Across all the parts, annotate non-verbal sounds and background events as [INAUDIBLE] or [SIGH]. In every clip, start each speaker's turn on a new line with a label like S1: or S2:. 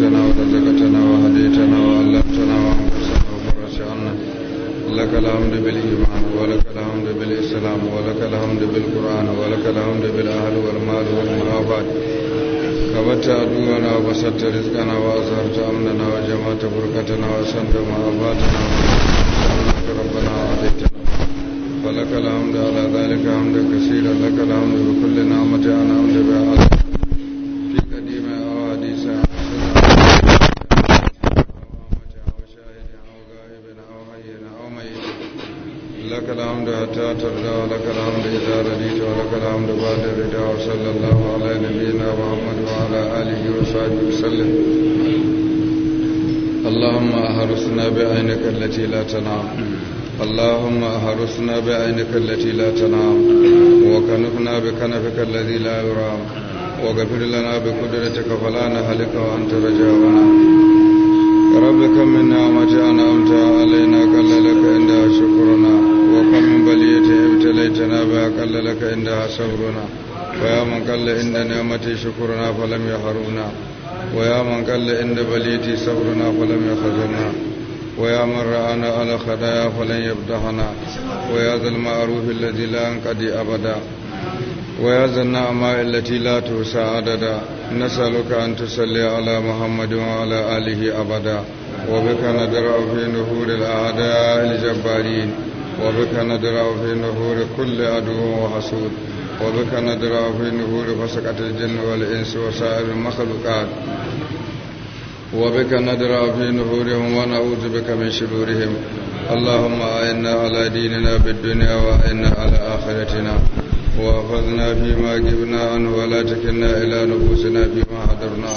S1: علمتنا ورزقتنا وهديتنا وعلمتنا وانفسنا وفرجنا لك الحمد بالإيمان ولك الحمد بالإسلام ولك الحمد بالقرآن ولك الحمد بالأهل والمال والمعافات كبت عدونا وبسطت رزقنا وأظهرت أمننا وجمعت بركتنا وأحسنت معافاتنا سألناك ربنا وعافيتنا فلك الحمد على ذلك حمد كثيرا لك الحمد بكل نعمة أنعمت بها عليك لك الحمد حتى ترضى ولك الحمد إذا رضيت ولك الحمد بعد الرضا وصلى الله على نبينا محمد وعلى آله وصحبه وسلم اللهم أحرسنا بعينك التي لا تنام اللهم أحرسنا بعينك التي لا تنام وكنفنا بكنفك الذي لا يرام وغفر لنا بقدرتك فلا نهلك وأنت رجاؤنا رب كم من نعمة أنعمت علينا كل لك عندها شكرنا وكم من بلية ابتليتنا بأقل لك عندها صبرنا ويا من قل عند نعمتي شكرنا فلم يحرمنا ويا من قل عند بليتي صبرنا فلم يخزنا ويا من رآنا على خدايا فلن يبدحنا ويا ذا المعروف الذي لا ينقضي أبدا ويا ذا النعماء التي لا توسع عددا نسألك أن تصلي على محمد وعلى آله أبدا وبك ندرأ في نهور الأعداء الجبارين وبك ندرع في نهور كل عدو وحسود وبك ندرع في نهور فسكة الجن والإنس وسائر المخلوقات وبك ندرع في نهورهم ونعوذ بك من شرورهم اللهم أعنا على ديننا بالدنيا وأعنا على آخرتنا وأخذنا فيما جبنا عنه ولا تكلنا إلى نفوسنا فيما حضرنا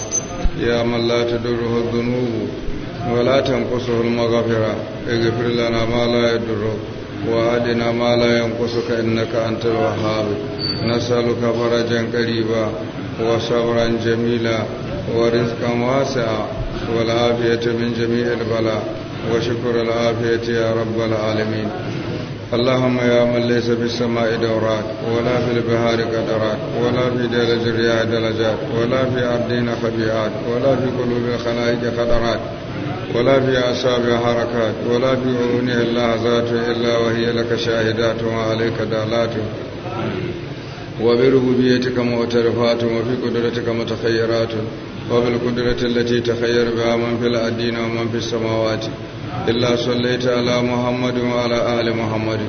S1: يا من لا تدره الذنوب ولا تنقصه المغفرة اغفر لنا ما لا يدره وأدنا ما لا ينقصك إنك أنت الوهاب نسألك فرجا قريبا وصبرا جميلا ورزقا واسعا والعافية من جميع البلاء وشكر العافية يا رب العالمين اللهم يا من ليس في السماء دورات ولا في البحار قدرات ولا في درج الرياح درجات ولا في أرضنا خبيئات ولا في قلوب الخلائق قدرات ولا في أصابع حركات ولا في الله ذاته إلا وهي لك شاهدات وعليك دالات وبربوبيتك مؤترفات وفي قدرتك متخيرات وبالقدرة التي تخير بها من في الأدين ومن في السماوات إلا صليت على محمد وعلى آل محمد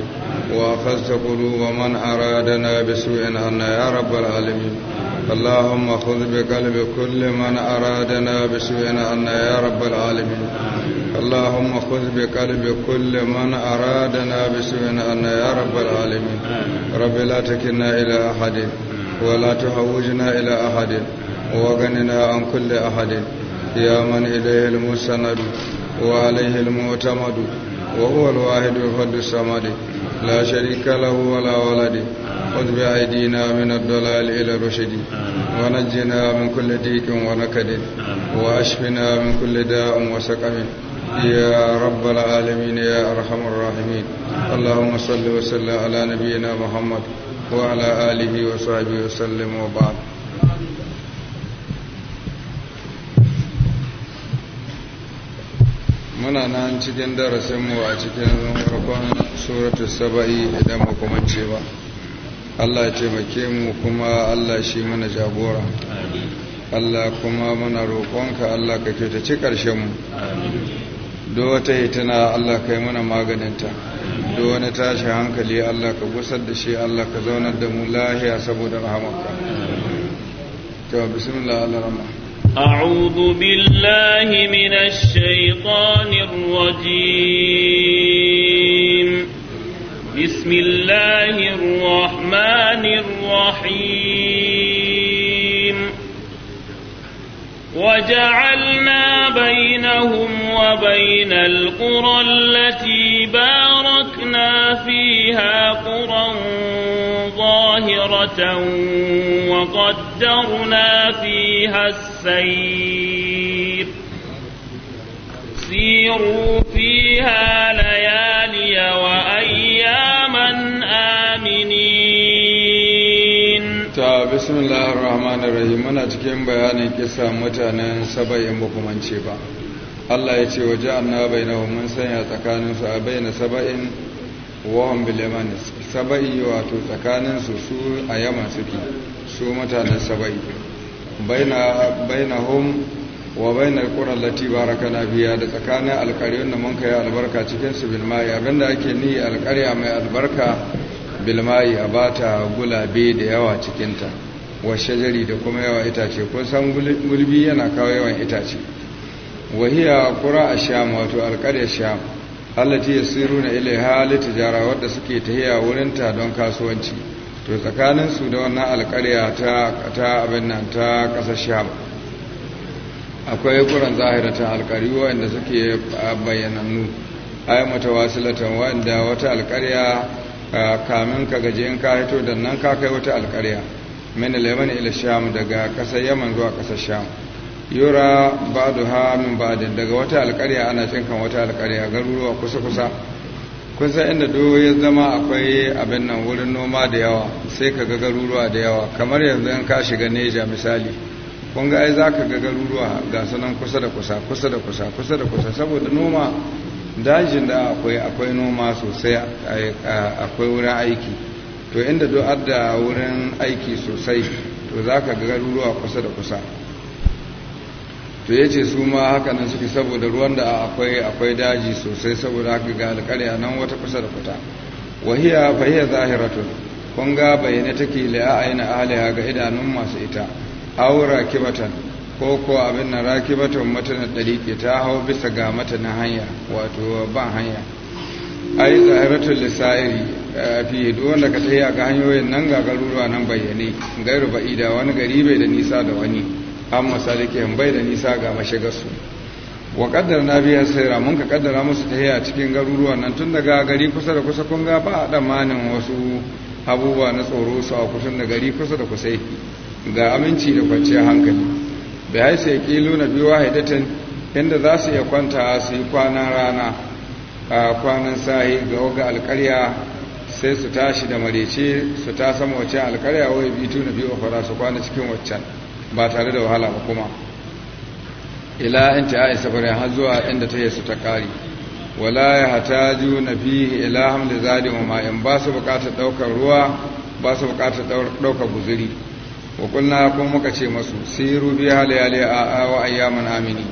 S1: وأخذت قلوب من أرادنا بسوء عنا يا رب العالمين اللهم خذ بقلب كل من أرادنا بسوء عنا يا رب العالمين اللهم خذ بقلب كل من أرادنا بسوء عنا يا رب العالمين رب لا تكلنا إلى أحد ولا تهوجنا إلى أحد وغننا عن كل أحد يا من إليه المسند وعليه المعتمد وهو الواحد الفرد الصمد لا شريك له ولا ولد خذ بأيدينا من الضلال إلى الرشد ونجنا من كل ديك ونكد وأشفنا من كل داء وسقم يا رب العالمين يا أرحم الراحمين اللهم صل وسلم على نبينا محمد وعلى آله وصحبه وسلم وبعد muna nan cikin darasinmu a cikin farkon suratul saba'i idan ba kuma ce ba Allah ce make mu kuma Allah shi mana jagora Allah kuma muna roƙonka Allah ka ta ci ƙarshenmu do wata hitina Allah ka yi mana maganinta do wani tashi hankali Allah ka gusar da shi Allah ka zaunar da mu lahiya saboda rahamarka to bismillah Allah rahmah أعوذ
S2: بالله من الشيطان الرجيم بسم الله الرحمن الرحيم وجعلنا بينهم وبين القرى التي باركنا فيها قرى ظاهرة وقدرنا فيها السماء السير سيروا فيها ليالي وأياما آمنين
S1: بسم الله الرحمن الرحيم أنا تكين بياني كسا متانا سبعين بكمان شبا Allah ya ce waje annabai na mun sanya tsakanin su a bayyana saba'in wa wawan bileman saba'i wato tsakanin su su a yaman suke su mutanen saba'i bainahum wa bainar ƙuran lati na biya da tsakanin alƙaryun da mun kai albarka cikin su bilmayi abinda ake ni alƙarya mai albarka bilmai a bata gulabe da yawa cikinta wa shajari da kuma yawa itace kun san gulbi yana kawo yawan itace wahiya kura a sham wato alƙaryar sham allati yasiruna ilaiha litijara wadda suke tahiya wurinta don kasuwanci to tsakanin su da wannan alƙarya ta abin nan ta kasar sham akwai kuran zahiratan alƙari inda suke bayyanannu ai mata wasilatan wanda wata alƙarya kamin ka gaje in ka hito da nan ka kai wata alƙarya min al-yaman ila sham daga kasar yaman zuwa kasar sham yura ba'daha min ba'din daga wata alƙarya ana cinkan wata alƙarya garuruwa kusa kusa kun san inda dogo ya zama akwai abin nan wurin noma da yawa sai ka ga garuruwa da yawa kamar yanzu in ka shiga neja misali kun ga ai za ka ga garuruwa ga sanan kusa da kusa kusa da kusa kusa da kusa saboda noma dajin da akwai akwai noma sosai akwai wurin aiki to inda do'ar da wurin aiki sosai to za ka ga garuruwa kusa da kusa to ya ce su ma haka nan suke saboda ruwan da akwai akwai daji sosai saboda haka ga alƙarya nan wata kusa da kuta wahiya fahiya zahiratun kun ga bayyane take la'ayina ahliha ga idanun masu ita aura kibatan ko ko abin na rakibatan matanar dalike ta hau bisa ga mata na hanya wato ban hanya ai zahiratun lisa'iri eh, fi duk da ka tafiya ga hanyoyin nan ga garuruwa nan bayyane gairu ba'ida wani gari bai da nisa da wani an masalikin bai da nisa ga mashigarsu wa kaddar na biya saira mun ka kaddara musu ta a cikin garuruwan nan tun daga gari kusa da kusa kun ga ba a damanin wasu abubuwa na tsoro su a kusan da gari kusa da kusa ga aminci da kwanciyar hankali bai haisa ya kilo na biyu wahidatin inda za su iya kwanta su yi kwanan rana a kwanan sahi ga waga alkarya sai su tashi da marece su ta sama wacce alkarya wai bitu na biyu a fara su kwana cikin waccan ba tare da wahala ba kuma ila intiha'i safarin har zuwa inda ta su ta kare wala ya hataju na fihi ila Hamdu zadi wa in ba su bukatar daukar ruwa ba su bukatar daukar guzuri wa kulna kuma muka ce masu siru bi halayali a wa ayyamin amini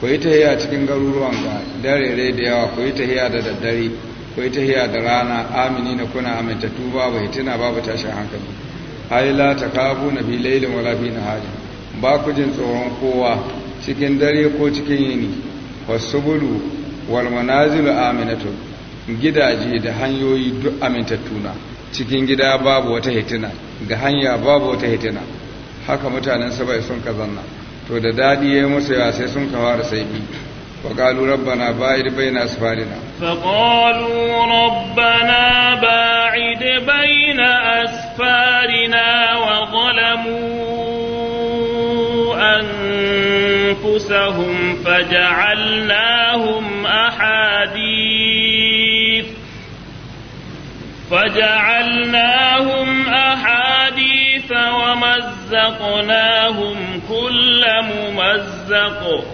S1: ku yi tahiya cikin garuruwan ga dare da yawa ku yi tahiya da daddare ku yi tahiya da rana amini na kuna amintattu babu hitina babu tashin hankali la takabu na bi lailin wala bi nahari ba ku jin tsoron kowa cikin dare ko cikin yini wasubulu wal manazilu aminatu gidaje da hanyoyi duk amintattuna cikin gida babu wata hitina ga hanya babu wata hitina haka mutanen sabai sun kazanna to da dadi yayi musu yawa sai sun kawara sai وقالوا ربنا باعد بين أسفارنا
S2: فقالوا ربنا باعد بين wa ƙalamu? أنفسهم فجعلناهم أحاديث فجعلناهم أحاديث ومزقناهم كل ممزق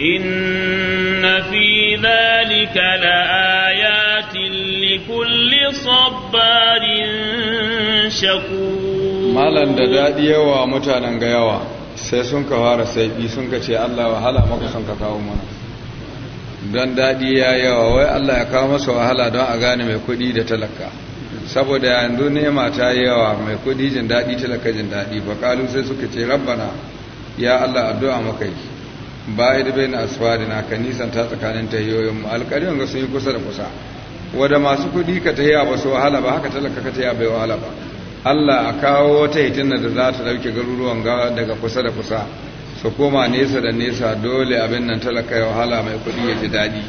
S2: إن في ذلك لآيات لكل صبار شكور
S1: malam da daɗi yawa mutanen ga yawa sai sun ka fara saifi sun ka ce Allah wahala maka sun ka kawo mana don daɗi ya yawa wai Allah ya kawo masa wahala don a gane mai kuɗi da talaka saboda yanzu nema ta yawa mai kuɗi jin daɗi talaka jin daɗi ba kalu sai suka ce rabbana ya Allah addu'a maka yi ba a bai na asfari na ka nisan ta tsakanin ta mu alƙalin ga sun yi kusa da kusa wadda masu kuɗi ka tahiya ba su wahala ba haka talaka ka tahiya bai wahala ba Allah a kawo wata hitina da za ta ɗauke garuruwan gawa daga kusa da kusa su koma nesa da nesa dole abin nan talaka ya wahala mai kuɗi ya ji daɗi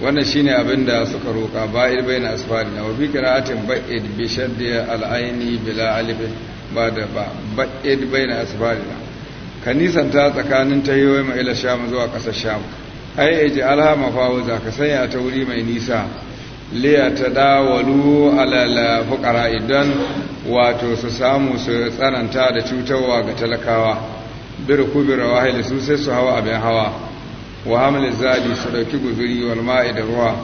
S1: wannan shine abin da suka roƙa ba'id bai na asfari na wabi kira'atin ba'id bi shaddiya al'aini bila alifin ba da ba ba'id bai na asfari na ka nisanta tsakanin ta yiwu mai ila sham zuwa ƙasar sham ai ya ji alhama fawo za ka sanya ta wuri mai nisa liya ta dawalu alala fukara idan wato su samu su tsananta da cutarwa ga talakawa bir kubira wahil su sai su hawa abin hawa wa hamilin zadi su dauki guzuri wal ma'i da ruwa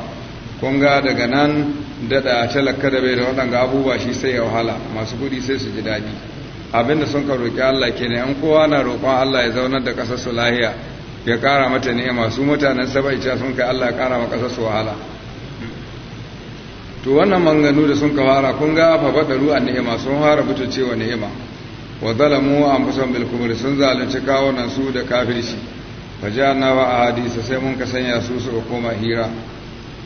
S1: kun ga daga nan daɗa talaka da bai da waɗanga abubuwa shi sai ya wahala masu kuɗi sai su ji daɗi abinda sun ka roƙi Allah kenan an kowa na roƙon Allah ya zaunar da ƙasar su lahiya ya ƙara mata ne, masu mutanen sabai sun kai Allah ya ƙara ma ƙasar su wahala to wannan manganu da sun kawara kun ga fa badaru an ni'ima sun fara butu cewa ni'ima wa zalamu anfusahum bil kufr sun zalunci kawunan su da kafirci na wa ahadisa sai mun ka sanya su su koma hira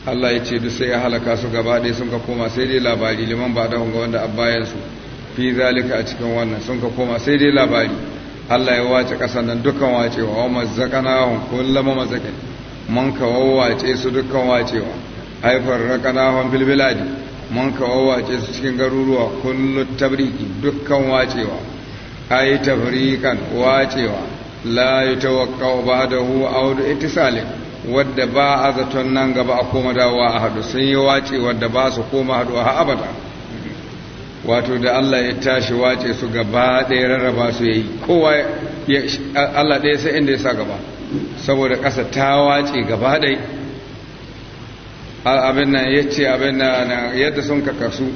S1: Allah ya ce duk sai ya halaka su gaba ɗaya sun ka koma sai dai labari liman ba da hunga wanda abbayan su fi zalika a cikin wannan sun ka koma sai dai labari Allah ya wace ƙasar nan dukkan wacewa wa hun kullama mazzaqin Mun ka wawace su dukkan wacewa haifar na kanahon biladi mun kawo wace su cikin garuruwa kullu tabriki dukkan wacewa ai tafrikan wacewa la yatawaqqa'u ba'dahu awdu ittisalin wadda ba a zaton nan gaba a koma dawa a hadu sun yi wace wadda ba su koma hadu a abada wato da Allah ya tashi wace su gaba ɗaya rarraba su yayi kowa Allah ɗaya sai inda ya sa gaba saboda ƙasa ta wace gaba ɗaya abin nan ya ce abin nan yadda sun ka kasu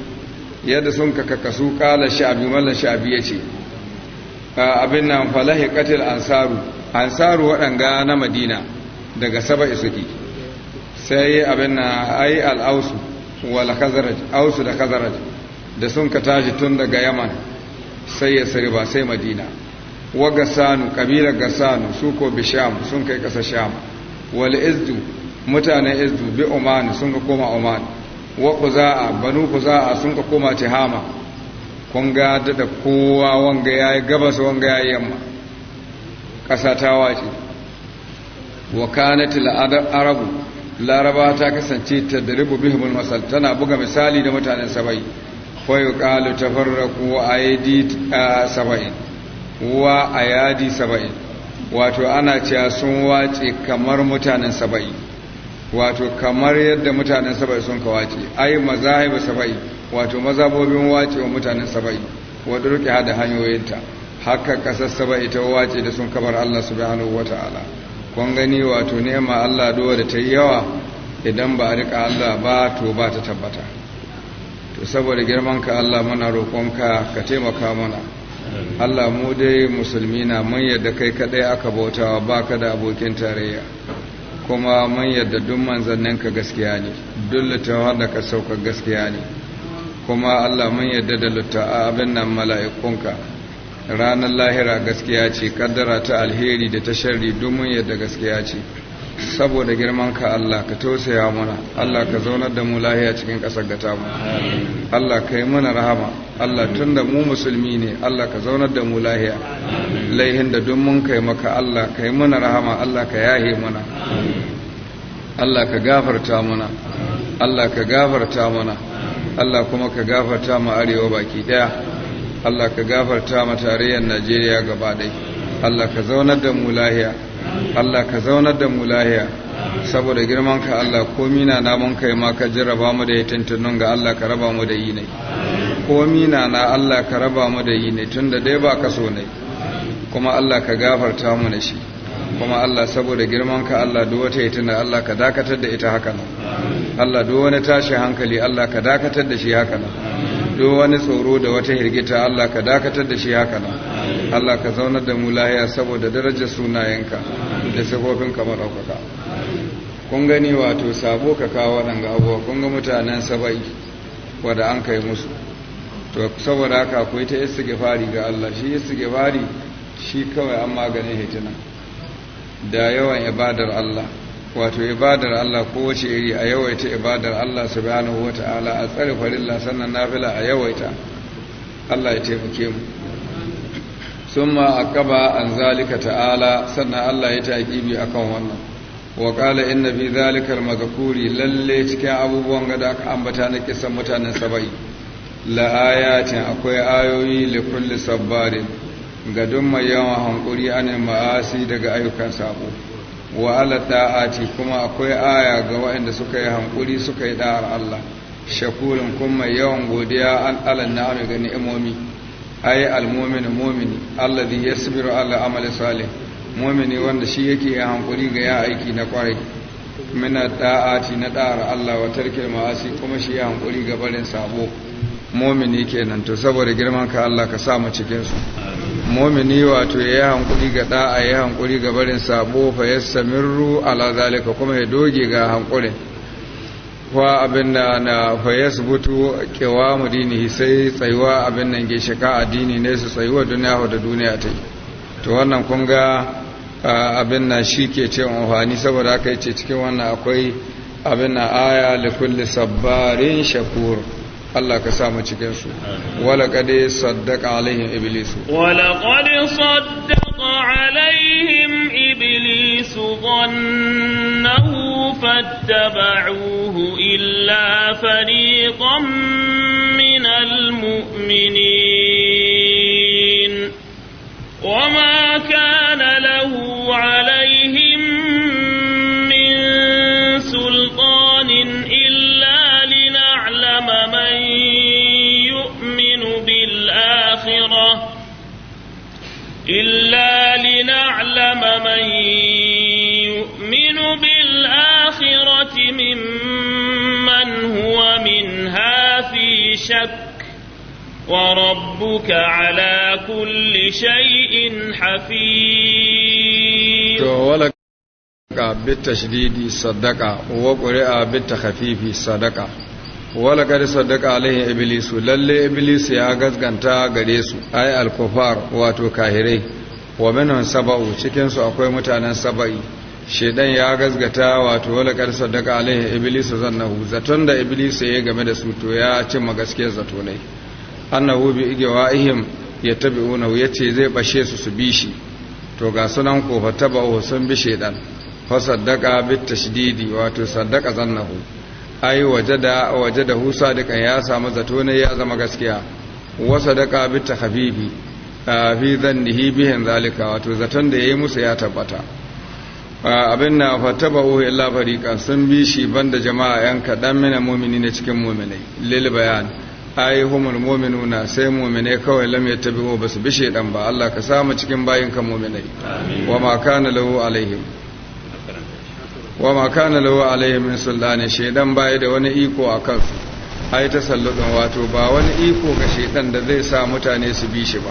S1: yadda sun ka kasu kala sha'abi mala sha'abi ya ce abin nan falahi katil ansaru ansaru waɗanga na madina daga saba suke sai abin nan ai al'ausu wala khazraj ausu da kazaraj da sun ka tashi tun daga yaman sai ya sari ba sai madina wa gasanu kabilar gasanu su ko bisham sun kai kasa sham wal izdu mutanen izu bi oman sun ka koma oman wa za'a banu za'a sun ka koma tihama kun ga da kowa wanga yi gabas wanga yi yamma ƙasa ta wace wa kanat arabu laraba ta kasance ta daribu bihimul masal tana buga misali da mutanen sabai fa yuqalu tafarraqu aydi saba'in wa ayadi saba'in wato ana cewa sun wace kamar mutanen saba'i wato kamar yadda mutanen saba'i sun ka wace ai mazahibu saba'i wato mazabobin wace wa mutanen saba'i wadda ruke hada hanyoyinta haka kasar saba'i ta wace da sun kabar Allah subhanahu wata'ala kun gani wato nema Allah duwa da ta yawa idan ba a rika Allah ba to ba ta tabbata to saboda girman ka Allah muna roƙonka ka taimaka mana Allah mu dai musulmi na mun yadda kai kadai aka bautawa baka da abokin tarayya kuma mun yadda duk manzannin ka gaskiya ne duk littattafan da ka sauka gaskiya ne kuma Allah mun yadda da littattafan abin nan mala'ikunka ranar lahira gaskiya ce kaddara ta alheri da ta sharri duk mun yadda gaskiya ce saboda girman ka Allah ka tausaya mana Allah ka zaunar da mu lahiya cikin ƙasar gata mu Allah ka yi mana rahama Allah tun da mu musulmi ne Allah ka zaunar da mu lahiya laihin da duk mun kai maka Allah ka yi mana rahama Allah ka yahe mana Allah ka gafarta mana Allah ka gafarta mana Allah kuma ka gafarta ma arewa baki daya Allah ka gafarta ma tarayyar Najeriya gaba ɗaya Allah ka zaunar da mu lahiya Allah ka zaunar da mu lahiya saboda girman ka Allah komi na namun kai ma ka jarraba mu da yatintunun ga Allah ka raba mu da yi ne komi na na Allah ka raba mu da yi ne tunda dai ba ka so ne kuma Allah ka gafarta mu na shi kuma Allah saboda girman ka Allah duk wata yatina Allah ka dakatar da ita haka nan Allah duk wani tashi hankali Allah ka dakatar da shi haka nan duk wani tsoro da wata hirgita Allah ka dakatar da shi haka nan Allah ka zaunar da mu lahiya saboda darajar sunayenka da sabobin kamar haukaka kun gani wato sabo ka kawo waɗanga abuwa kun ga mutanen saba'i wadda an kai musu to saboda haka ku yi ta fari ga Allah shi fari shi kawai an magani hitina da yawan ibadar Allah wato ibadar Allah kowace iri a yawaita ibadar Allah subhanahu ta'ala a tsare farilla sannan nafila a yawaita Allah ya taimake mu sun ma a kaba an zalika ta'ala sannan Allah ya taƙibi a kan wannan wa ƙala inna fi zalikar mazakuri lalle cikin abubuwan gada aka ambata na kisan mutanen saba'i la'ayatin akwai ayoyi li kulli sabbarin ga duk mai yawan hankuri anin ma'asi daga ayyukan sabo wa ala ta'ati kuma akwai aya ga waɗanda suka yi hankuri suka yi da'ar Allah shakurin kuma yawan godiya an ala na'ami ga ni'imomi ai almu'minu mu'mini alladhi yasbiru ala amali salih mu'mini wanda shi yake yin hankuri ga ya aiki na kwarai mina da'ati na da'ar Allah wa tarkil ma'asi kuma shi ya hankuri ga barin sabo mu'mini kenan to saboda girman ka Allah ka sa mu cikin su mu'mini wato ya hankuri ga da'a ya hankuri ga barin sabo fa yasamirru ala zalika kuma ya doge ga hankurin wa abin da na fayas butu kewa mu dini sai tsayuwa abin nan ke shaka addini ne su tsayuwa duniya da duniya ta yi to wannan kun ga abin na shi ke ce amfani saboda aka yi ce cikin wannan akwai abin na aya da kulle sabbarin shakur Allah ka samu cikinsu wala kade saddaka alaihin iblisu
S2: wala kade saddaka عليهم إبليس ظنه فاتبعوه إلا فريقا من المؤمنين وما كان إلا لنعلم من يؤمن بالآخرة ممن هو منها في شك وربك على كل شيء حفيظ
S1: ولك بالتشديد صدقة وقرئ بالتخفيف صدقة wala sadaka saddaqa alaihi iblisu lalle iblisu ya gaskanta gare su ay al-kufar wato kahirai wa minhum sab'u cikin su akwai mutanen sab'i shedan ya gaskata wato wala kad saddaqa alaihi iblisu zannahu zaton da iblisu ya game da su to ya cimma magaskiyar zato ne annahu bi igwaihim yattabi'una yace zai bashe su su bi shi to ga sunan kofa taba'u sun bi shedan fa saddaqa bit tashdidi wato saddaqa zannahu ai wajada wajada da kan ya samu zato ne ya zama gaskiya wa sadaqa bi tahbibi fi dhannihi bihin zalika wato zaton da yayi musu ya tabbata abin na fatabahu illa fariqan sun bi shi banda jama'a yan kadan mina mu'mini ne cikin mu'minai lil bayan ai humul mu'minuna sai mu'minai kawai lam yattabi'u basu bi dan ba Allah ka samu cikin bayin ka mu'minai wa ma kana lahu alaihim wa makana lahu alaihi min sultani shaidan baya da wani iko a kansu ai tasalludin wato ba wani iko ga shaydan da zai sa mutane su bi shi ba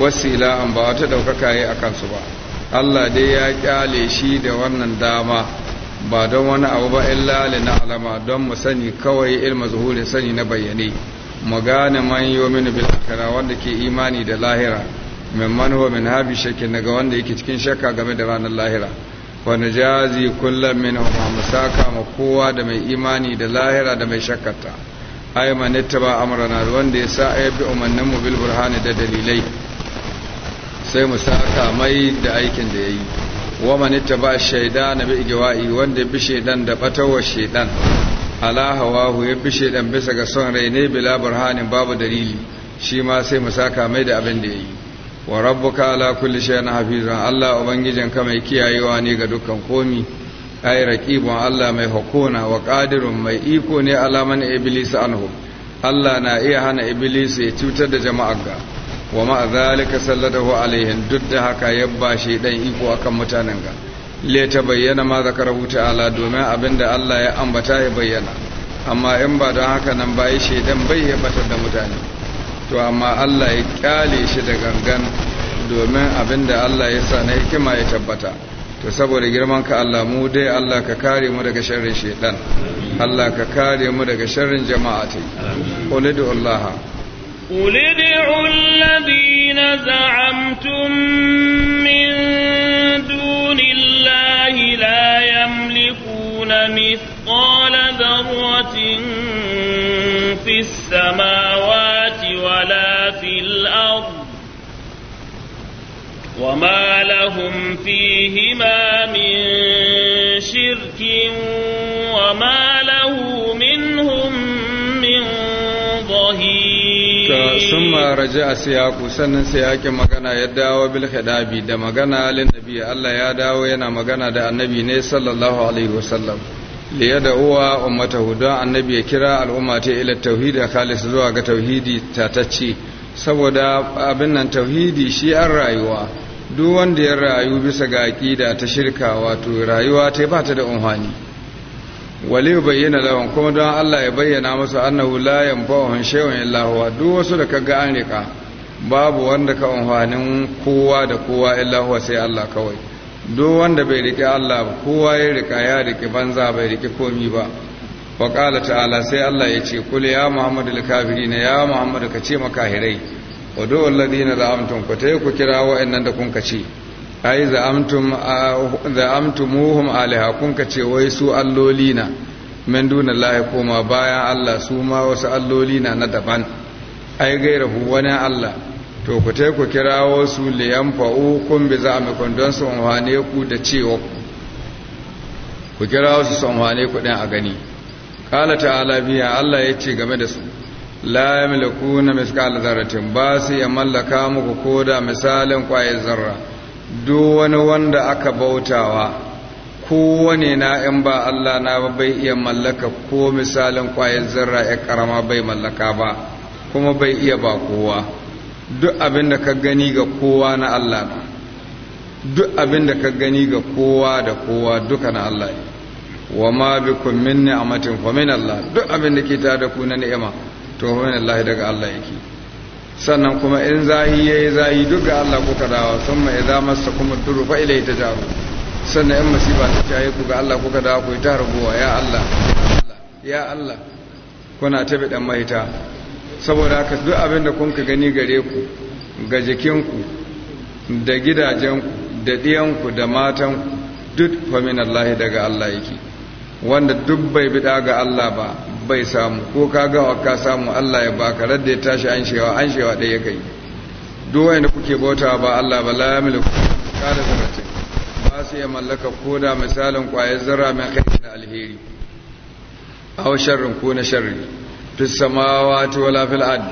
S1: wasila an ba wata daukaka yi a kansu ba Allah dai ya kyale shi da wannan dama ba don wani abu ba illa li alama don mu sani kawai ilmu zuhuri sani na bayyane mu gane man yominu bil akhirah wanda ke imani da lahira man huwa min habi shakki daga wanda yake cikin shakka game da ranar lahira wani jazi kullum min musaka ma kowa da mai imani da lahira da mai shakata ai manitta ba amrana wanda ya sa ya bi umarnin mu bil burhani da dalilai sai mu mai da aikin da ya yi. wa manitta ba shaida na bi igiwa'i wanda ya bi shaidan da batawa shaidan ala hu ya bi shaidan bisa ga son rai ne bila burhanin babu dalili shi ma sai mu saka mai da abin da yi. wa rabbuka ala kulli shay'in hafizan Allah ka mai kiyayewa ne ga dukkan komi ai raqibun Allah mai hukuna wa qadirun mai iko ne alaman iblis anhu Allah na iya hana iblis ya cutar da jama'ar ga wa ma zalika salladahu alaihim duk da haka ya shi dan iko akan mutanen ga le ta bayyana ma rubuta ala domin abinda Allah ya ambata ya bayyana amma in ba don haka nan bai shi dan bai ya batar da mutane to amma Allah ya kyale shi da gangan domin abinda Allah ya sa na hikima ya tabbata to saboda girman ka Allah mu dai Allah ka kare mu daga sharrin shaitan Allah ka kare mu daga sharrin jama'ati qul Allah
S2: قل ادعوا الذين زعمتم من دون الله لا يملكون مثقال في السماوات ولا في الأرض وما لهم فيهما من شرك وما له منهم من ظهير ثم
S1: رجع سياق سنن سياق مغنى يدعو بالخداب ده مغنى للنبي الله يدعو ينا مغنى ده النبي صلى الله عليه وسلم liya da uwa ummatahu don annabi ya kira al'umma ta ila tauhidi a khalis zuwa ga tauhidi tatacce saboda abin nan tauhidi shi an rayuwa duk wanda ya rayu bisa ga aƙida ta shirka wato rayuwa ta ba ta da umhani wali bayyana lawan kuma don Allah ya bayyana masu annahu la yanfa'uhum shay'un illa huwa duk wasu da kaga an rika babu wanda ka umhanin kowa da kowa illa sai Allah kawai duk wanda bai rike Allah ba kowa ya rika ya rike banza bai rike komi ba wa ta'ala sai Allah ya ce kul ya muhammadu likafiri ya muhammadu ka ce makahirai wa du alladhina za'amtum ku tayi ku kira wa'annan da kun ka yi ai za'amtum za'amtumuhum alaha kun kace wai su alloli na min lahi, koma bayan Allah su ma wasu alloli na na daban ai gairahu wani Allah to ku tai ku kirawo su liyan fa'u kun bi za mu don su amfane ku da cewa ku kirawo su su amfane ku ɗin a gani kala ta'ala biya Allah ya ce game da su la yamliku na miskal zarratin ba su ya mallaka muku ko da misalin kwaye zarra duk wani wanda aka bautawa kowane na in ba Allah na bai iya mallaka ko misalin kwaye zarra ya karama bai mallaka ba kuma bai iya ba kowa duk abin da ka gani ga kowa na Allah ne duk abin da ka gani ga kowa da kowa duka na Allah ne wa ma bikum min ni'matin fa min Allah duk abin da ke tare da ku na ni'ima to fa min Allah daga Allah yake sannan kuma in zahi yayi zahi duk ga Allah kuka dawo za idza massakum kuma duru fa ilayhi tajaru sannan in masiba ta tayi ku ga Allah kuka dawo ku ta rubuwa ya Allah ya Allah kuna ta bidan mahita saboda haka duk abin da kun ka gani gare ku ga jikinku da gidajenku da ɗiyanku da matan duk famin Allah daga Allah yake wanda duk bai bida ga Allah ba bai samu ko ka gawa ka samu Allah ya baka radda ya tashi an shewa an shewa ɗaya kai duk wanda kuke bauta ba Allah ba la yamliku kada zarace ba su iya mallaka ko da misalin kwayar zarra mai kai na alheri aw sharrin ko na sharri fi ti wala fil ard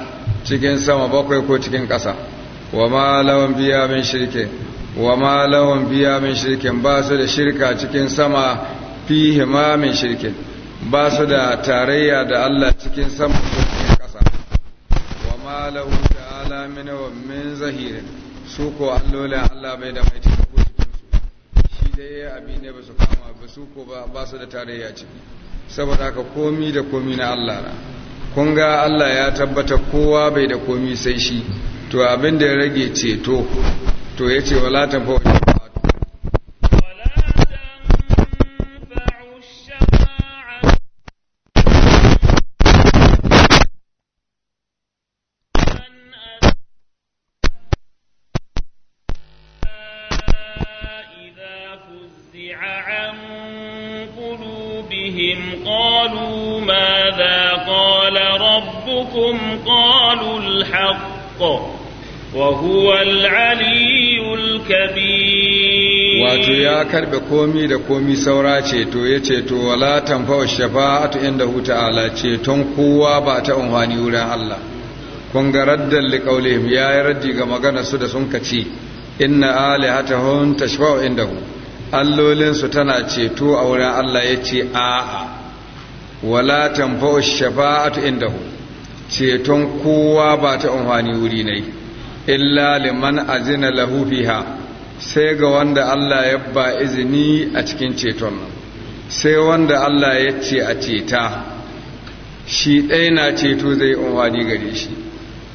S1: cikin sama bakwai ko cikin ƙasa wa ma lawan biya min shirke wa ma lawan biya min shirke ba su da shirka cikin sama fi hima min ba su da tarayya da Allah cikin sama ko cikin ƙasa wa ma lahu ta'ala min wa min zahir su ko allolin Allah bai da mai taimako cikin su shi dai abi ne ba su kama ba su ko ba su da tarayya ciki saboda haka komi da komi na Allah na kun ga Allah ya tabbata kowa bai da komi sai shi to abin da ya rage ceto to ya ce wala tafa
S2: وهو العلي
S1: wato ya karbe komi da komi saura ceto ya ceto wala tanfawa shafa'atu inda hu ta'ala ceton kowa ba ta umfani wurin Allah kun ga raddan ya yi ga magana su da sun kace inna alihatahum tashfa'u indahu allolin su tana ceto a wurin Allah yace a'a wala tanfawa shafa'atu hu. ceton kowa ba ta amfani wuri ne illa liman azina lahu fiha sai ga wanda Allah ya ba izini a cikin ceton sai wanda Allah ya ce a ceta shi ɗaya na ceto zai amfani gare shi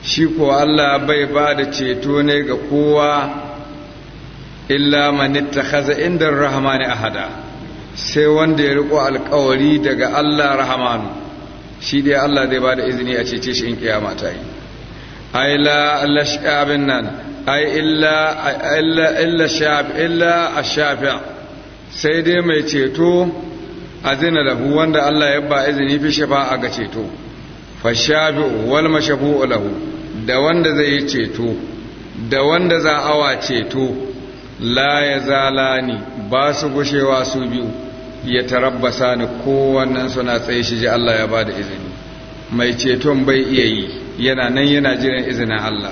S1: shi ko Allah bai ba da ceto ne ga kowa illa manitta haza inda rahmani ahada sai wanda ya riko alkawari daga Allah rahmanu shi dai Allah zai ba da izini a cece shi in kiyama ta yi ai la Allah nan ai illa illa illa shab illa ashafi sai dai mai ceto azina lahu wanda Allah ya ba izini fi shafa'a ga ceto fa shabi wal mashabu lahu da wanda zai yi ceto da wanda za awa ceto la yazalani ba su gushewa su biyu ya tarabbasa ni kowannan suna tsaye shi ji Allah ya ba da izini mai ceton bai iya yi yana nan yana jiran izinin Allah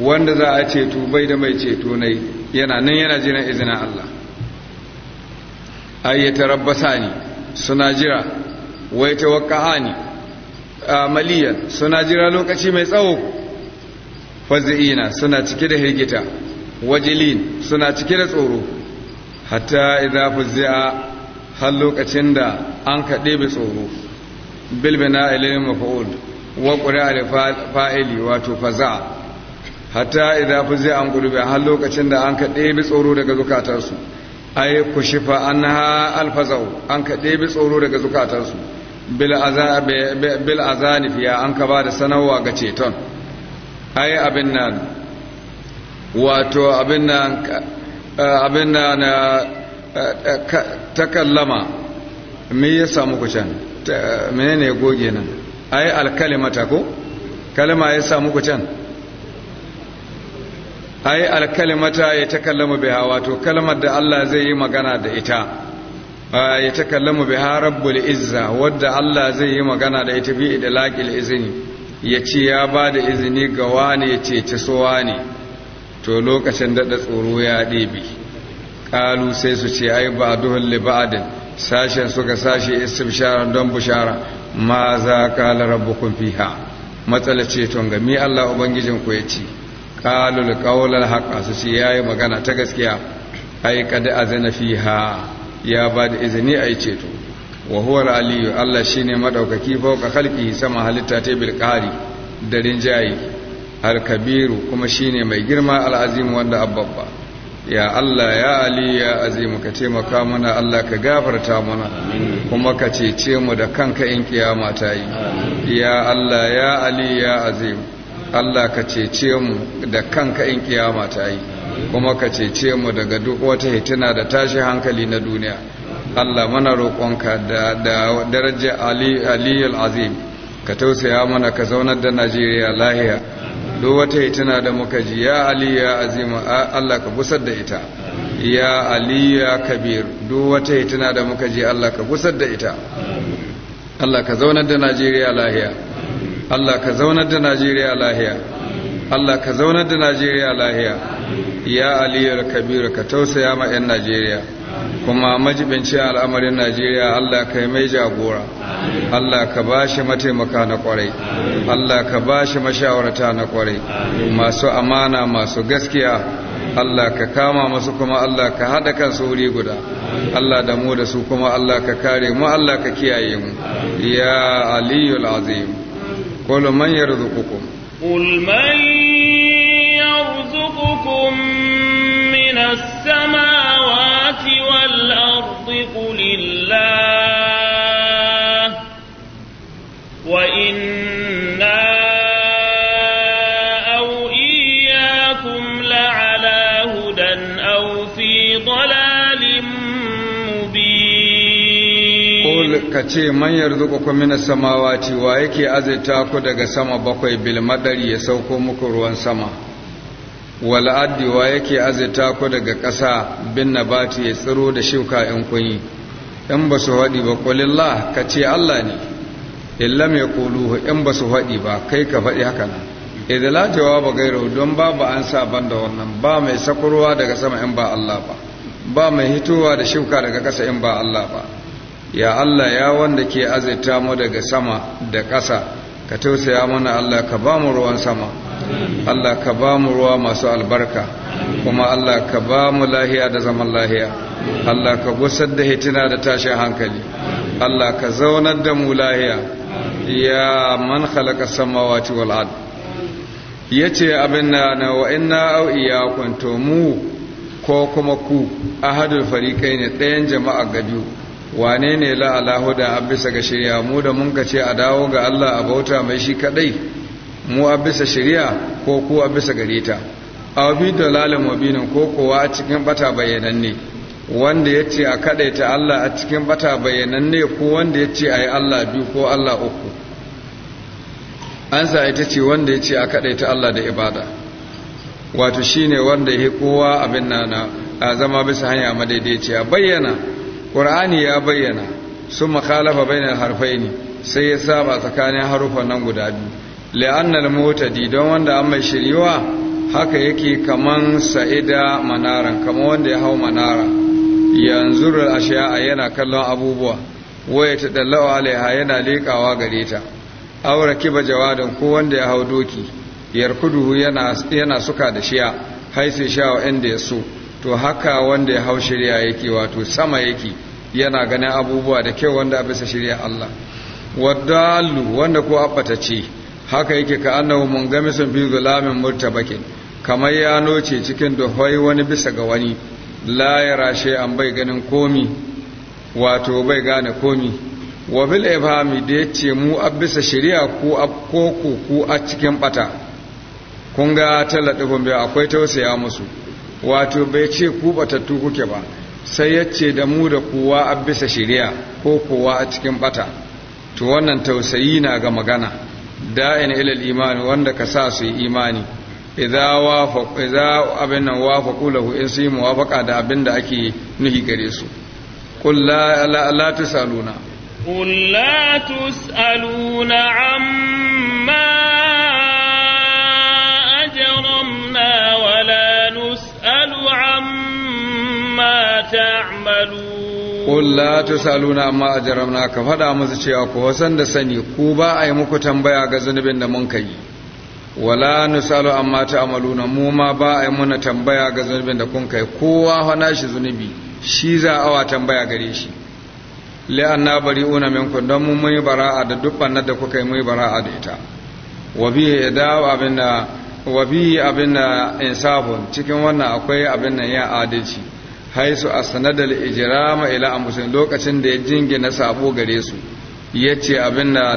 S1: wanda za a ceto bai da mai ceto nai yana nan yana jiran izinin Allah ai ya tarabbasa ni suna jira wai tawakka'a ni amaliyan suna jira lokaci mai tsawo fazi'ina suna cike da hirgita wajilin suna cike da tsoro hatta idza fuzza har lokacin da an kaɗe bi tsoro bilbina ilimin mafa'ul wa ƙuri'a fa'ili wato faza hatta idan fi zai an gurbe har lokacin da an kaɗe bi tsoro daga zukatarsu ai ku shifa an ha alfazau an kaɗe bi tsoro daga zukatarsu bil azani fiya an ka ba da sanarwa ga ceton ai abin nan wato abin nan abin nan Eh, eh, ta kallama, me ya samu ku can menene ya goge nan ai alkalimata ko kalma ya samu ku can ai alkalimata ya ta bai biha wato kalmar da Allah zai yi magana da ita eh, ya ta bai biha rabbul izza wadda Allah zai yi magana da ita bi idlaqil izni ya ce ya ba da izini ga wani ya ce ta so wani to lokacin da tsoro ya ɗebe Kalu sai su ce ai ba duhun liba'adin sashen suka sashe istibsharan don bushara ma za kala rabbukun fiha matsala ce ga mi Allah ubangijin ku ya ci ƙalu alƙawlar haƙa su ce yayi magana ta gaskiya ai kad azna fiha ya ba da izini ai ceto wa huwa aliyu Allah shine madaukaki fauka khalqi sama halitta ta bil qari da rinjayi al kabiru kuma shine mai girma al azim wanda abbabba ya Allah ya Ali ya azimu ka taimaka mana Allah ka gafarta mana kuma ka cece mu da kanka in kiyama ta yi ya Allah ya Ali ya azimu Allah ka cece mu da kanka in kiyama ta yi kuma ka cece mu daga duk wata hitina da tashi hankali na duniya Allah mana roƙonka da da darajar Ali Ali al-Azim ka tausaya mana ka zaunar da Najeriya lahiya duk wata tana da muka ji ya ali ya azima Allah ka busar da ita ya ali ya kabir duk wata tana da muka ji Allah ka busar da ita Allah ka zaunar da Najeriya lahiya Allah ka zaunar da Najeriya lahiya Allah ka zaunar da Najeriya lahiya ya ali ya kabir ka tausaya ma 'yan Najeriya kuma majibincin al'amarin Najeriya Allah ka mai jagora Allah ka bashi mataimaka na kwarai Allah ka bashi mashawarta na kwarai masu amana masu gaskiya Allah ka kama masu kuma Allah ka haɗa kan wuri guda Allah da mu da su kuma Allah ka kare mu Allah ka kiyaye mu ya aliyul azim qul man yarzuqukum
S2: السماوات والأرض قل الله وإنا أو إياكم لعلى هدى أو في ضلال مبين
S1: قل كتي من يرزقكم من السماوات ويكي أزيتاكو دقى سما بقوي بالمدر يسوكو مكروان سما wa yake azita ku daga ƙasa bin nabati ya tsiro da shuka in kunyi in ba su haɗi ba ƙulillah ka ce Allah ne illam ya ƙulu in ba su haɗi ba kai ka faɗi haka nan la jawaba gairo don babu an sa ban da wannan ba mai sakurwa daga sama in ba Allah ba ba mai hitowa da shuka daga ƙasa in ba Allah ba ya Allah ya wanda ke azita mu daga sama da ƙasa ka tausaya mana Allah ka ba mu ruwan sama Allah ka ba mu ruwa masu albarka kuma Allah ka ba mu lahiya da zaman lahiya Allah ka gusar da hitina da tashin hankali Allah ka zaunar da mu lahiya ya man khalaqa samawati wal ard yace abin na na wa inna au iyakun to mu ko kuma ku ahadul fariqai ne ɗayan jama'a ga biyu wane ne la'ala huda a bisa ga shirya mu da mun ka ce a dawo ga Allah a bauta mai shi kadai mu a bisa shirya ko ku a bisa gare ta aw bi dalalin ko kowa a cikin bata bayyananne wanda ya ce a kadaita Allah a cikin bata bayyananne ko wanda ya ce a yi Allah biyu ko Allah uku an sa ita ce wanda ya ce a kadaita Allah da ibada wato shine wanda ya kowa abin nana a zama bisa hanya madaidaiciya bayyana ƙur'ani ya bayyana sun makalafa harfai ne sai ya saba tsakanin harufan nan guda biyu mota di don wanda an mai shiriwa haka yake kaman sa'ida manaran kaman wanda ya hau manara yanzu ashiya yana kallon abubuwa waya ta dallawa alaiha yana leƙawa gare ta aure kiba jawadin ko wanda ya hau doki yarkuduhu yana yana suka da shiya haisu sha wa inda ya so to haka wanda ya hau shirya yake wato sama yake yana ganin abubuwa da kyau wanda a bisa shirya Allah wadallu wanda ko abbata ce haka yake ka annahu mungamisun fi zulamin murtabakin kamar ya noce cikin duhwai wani bisa ga wani la rashe an bai ganin komi wato bai gane komi wa bil ifhami da yace mu a bisa shari'a ko a koko ko a cikin bata kun ga taladubun bai akwai tausaya musu wato bai ce ku batattu kuke ba sai yace da mu da kowa a bisa shari'a ko kowa a cikin bata to wannan tausayi na ga magana da'in ilal imani wanda ka sa su yi imani idza wafa idza abin nan wafa in su yi muwafaqa da abin da ake nuhi gare su qul la la, la tusaluna
S2: qul la tusaluna amma ajramna wa la nusalu amma ta'malun
S1: qul la tusaluna amma ajramna ka fada musu cewa ku san da sani ku ba a yi muku tambaya ga zunubin da mun kai wala nusalu amma ta'maluna mu ma ba a yi muna tambaya ga zunubin da kun kai kowa hana shi zunubi shi za a wa tambaya gare shi anna bari'una minkum dan mun mai bara'a da dukkan da kuka yi mai bara'a da ita wa bi idaw abinda wa bi abinda insafun cikin wannan akwai abin ya adalci haisu a sanadar ijirama ila musulun lokacin da ya jingina sabo gare su ya ce abin da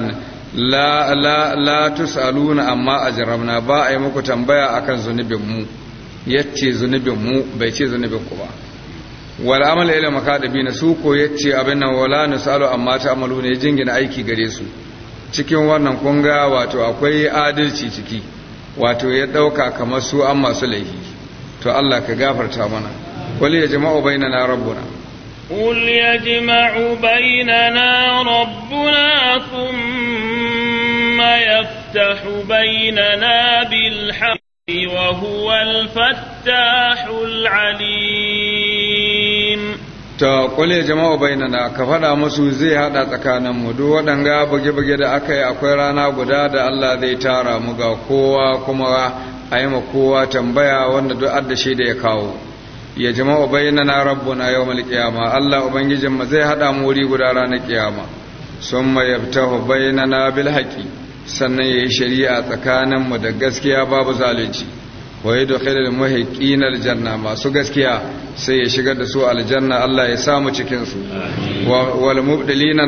S1: la la aluna. tusaluna amma jiramna ba a yi muku tambaya akan zunubin mu ce zunubin mu bai ce zunubin ku ba wal amal ila na su ya ce abin nan wala nusalu amma ta amalu ne jingina aiki gare su cikin wannan kunga wato akwai adalci ciki wato ya dauka kamar su an masu laifi to Allah ka gafarta mana قل يجمع بيننا ربنا
S2: قل يجمع بيننا ربنا ثم يفتح بيننا بالحق وهو الفتاح العليم
S1: ta kule jama'u bainana ka faɗa musu zai haɗa mu duk waɗanga buge-buge da aka yi akwai rana guda da Allah zai tara mu ga kowa kuma a yi ma kowa tambaya wanda duk adda da ya kawo ya na bainana rabbuna yawmal qiyama Allah ubangijin mu zai haɗa mu wuri guda ranar kiyama summa yaftahu bainana bil haqi sannan yayi shari'a tsakaninmu da gaskiya babu zalunci wa mahaƙi muhiqina aljanna masu gaskiya sai ya shigar da su aljanna Allah ya samu cikin su wal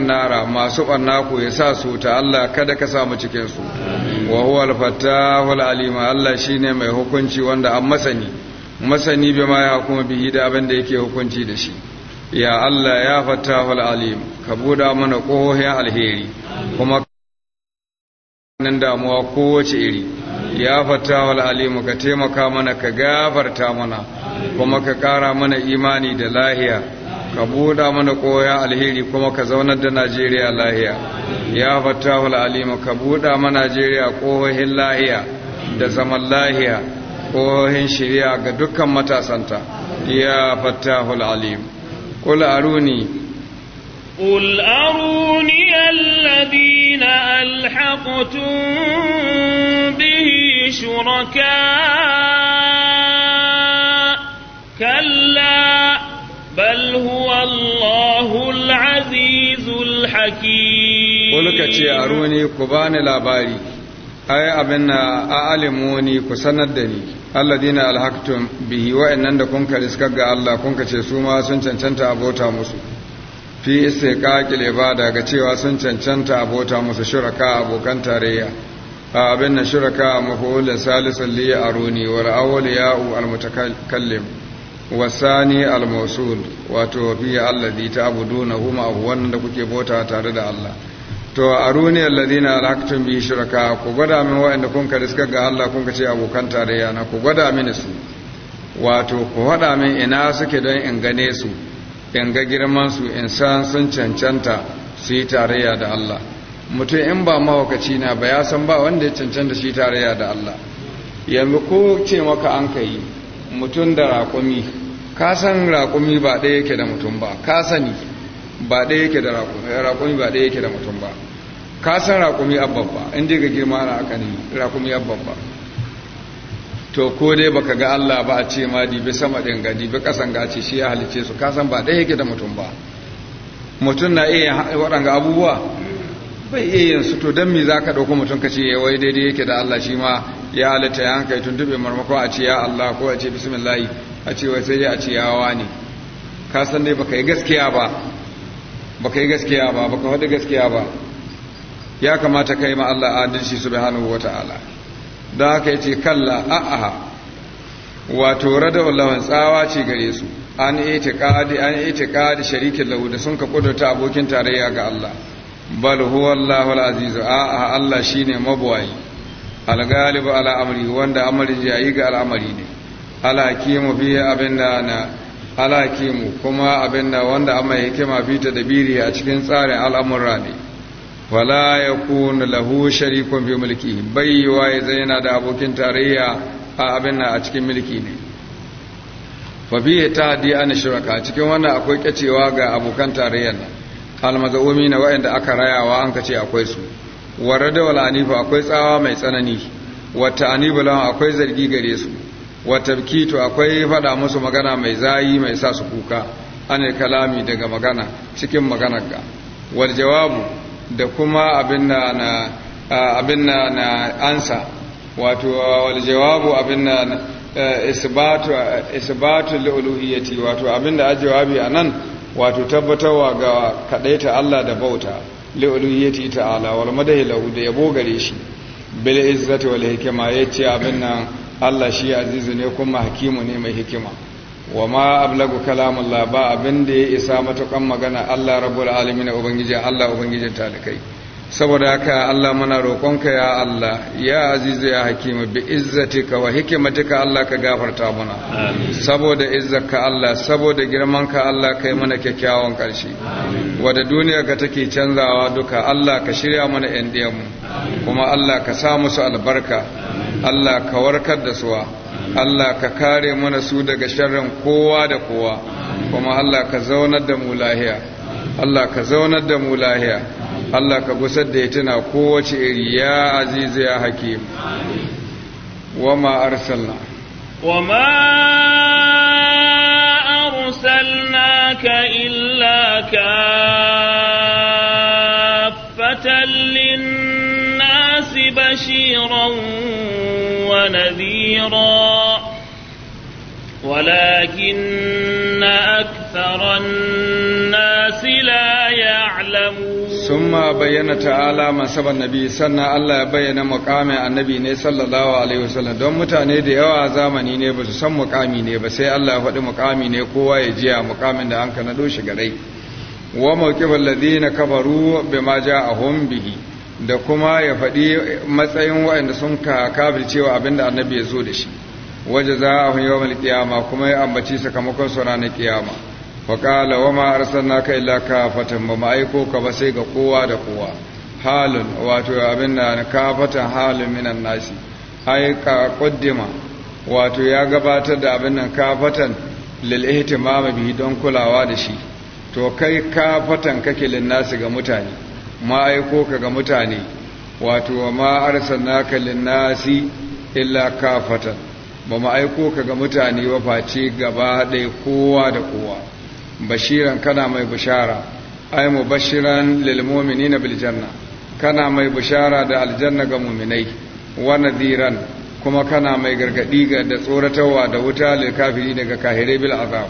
S1: nara masu banna ya sa su ta Allah kada ka samu cikinsu. su wa huwal fatahul alima Allah shine mai hukunci wanda an masani masani bi ma ya kuma bihi da abin da yake hukunci da shi ya Allah ya fattahul alim ka buɗa mana ƙohohin alheri kuma nan damuwa kowace iri ya fata alim ka taimaka mana ka gafarta mana kuma ka ƙara mana imani da lahiya ka buɗa mana ƙohohin alheri kuma ka zaunar da Najeriya lahiya ya fattahul alim ka buɗa mana Najeriya ƙohohin lahiya da zaman lahiya ƙohohin shirya ga dukkan matasanta ya fata hul'alim ƙul aruni
S2: ƙul aruni alladina bihi shuraka kalla bal huwa allahu al'azizu alhaƙi
S1: ƙulka ce aruni ku bani labari ai abin na a ni, ku sanar da ni alladina alhaqtum bihi wa'annan da kun riskar ga Allah kun ce su ma sun cancanta abota musu fi istiqaqil ibada ga cewa sun cancanta abota musu shuraka abokan tarayya abin na shuraka mafhul salisun li aruni wal awwal ya'u al mutakallim wasani al mawsul wato fi alladhi ta'buduna huma wannan da kuke bota tare da Allah to aruni alladhina alhaqtum bi shuraka ku gwada min wa'anda kun ka riskar ga Allah kun ka ce abokan tarayya na ku gwada mini su wato ku haɗa min ina suke don in gane su in ga girman su in san sun cancanta su yi tarayya da Allah mutum in ba mahaukaci na ba ya san ba wanda ya cancanta yi tarayya da Allah yanzu ko ce maka an ka yi mutum da raƙumi ka san raƙumi ba ɗaya yake da mutum ba ka sani ba ɗaya yake da raƙumi raƙumi ba ɗaya yake da mutum ba ka san raƙumi abbabba in dai ga girma na aka ne raƙumi babba to ko dai baka ga Allah ba a ce ma dibe sama ɗin ga dibe ƙasan ga ce shi ya halice su ka san ba ɗaya yake da mutum ba mutum na iya waɗanga abubuwa bai iya yin su to don me za ka ɗauko mutum ka ce ya eh, wai daidai yake da Allah shi ma ya halitta ya hankali tuntuɓe marmakon a ce ya Allah ko a ce bismillahi a ce wai sai dai a ce ya wani ka san dai baka yi gaskiya ba baka yi gaskiya ba baka faɗi gaskiya ba ya kamata kai ma Allah adalci subhanahu wata'ala don haka yace kalla a'a wato rada lawan tsawa ce gare su an itiqadi an itiqadi sharikin lahu da sun ka kudurta abokin tarayya ga Allah bal huwa Allahul azizu a'a Allah shine mabwayi al-galibu ala amri wanda amrin yayi ga al'amari ne al biya fi abinda na alhakimu kuma abin da wanda amma hikima bi ta dabiri a cikin tsarin al'amurra ne wala ya kuna lahu sharikun biyu mulki baiwa ya zai yana da abokin tarayya a abin a cikin mulki ne ya ta hadi an shiraka cikin wannan akwai kyacewa ga abokan tarayyar nan almazawumi na wa'anda aka rayawa an kace akwai su warada wala anifa akwai tsawa mai tsanani wata anibulan akwai zargi gare su wa tabkitu akwai fada musu magana mai zayi mai sa su kuka anil kalami daga magana cikin maganar ga wal jawabu da kuma abin na na abin na na ansa wato wal jawabu abin na isbatu isbatu li'uluhiyyati wato abin da a jawabi anan wato tabbatarwa ga kadaita Allah da bauta li'uluhiyyati ta'ala wal madahi lahu da yabo gare shi bil izzati wal hikma yace abin nan Allah shi azizu ne kuma hakimu ne mai hikima wa ma ablagu kalamun ba abin da ya isa matukan magana Allah rabbul alamin ubangiji Allah ubangijin talikai saboda haka Allah muna roƙonka ya Allah ya azizu ya hakimu bi izzatika wa ka Allah ka gafarta mana saboda izzaka Allah saboda girmanka Allah kai mana kyakkyawan karshe wadda duniya ka take canzawa duka Allah ka shirya mana ƴan mu kuma Allah ka sa musu albarka Allah ka warkar da suwa Allah ka kare mana su daga sharrin kowa da kowa kuma Allah ka zaunar da mu lahiya Allah ka zaunar da mu lahiya Allah ka gusar da tana kowace iri ya azizu ya hakim ma arsalna
S2: ma arsalnaka illa ka للناس بشيرا ونذيرا ولكن أكثر الناس لا يعلمون
S1: ثم بين تعالى مسب النبي سنة الله يبين مقام النبي صلى الله عليه وسلم don mutane da yawa zamani ne ba su san mukami ne ba sai Allah ya faɗi mukami ne kowa ya jiya mukamin da an ka nado shi garai wa kabaru ladina kafaru bima ja'ahum da kuma ya faɗi matsayin waɗanda sun ka cewa abinda annabi ya zo da shi waje za a hunyewa mai kiyama kuma ya ambaci sakamakon suna na kiyama wa ƙala wa ma na ka illa ka fatan ba ma'aiko ka ba sai ga kowa da kowa halun wato abin da ka fatan halun minan nasi ai ka ƙuddima wato ya gabatar da abin nan ka fatan lil ihtimam don kulawa da shi to kai ka fatan kake lin nasi ga mutane ma aiko ka ga mutane wato ma arsalnaka linnasi illa kafatan ba ma aiko ka ga mutane ba face gaba ɗaya kowa da kowa bashiran kana mai bishara ai mubashiran lil mu'minina bil janna kana mai bishara da aljanna ga mu'minai wa nadhiran kuma kana mai gargadi ga da tsoratarwa da wuta lil kafiri daga kahire bil azab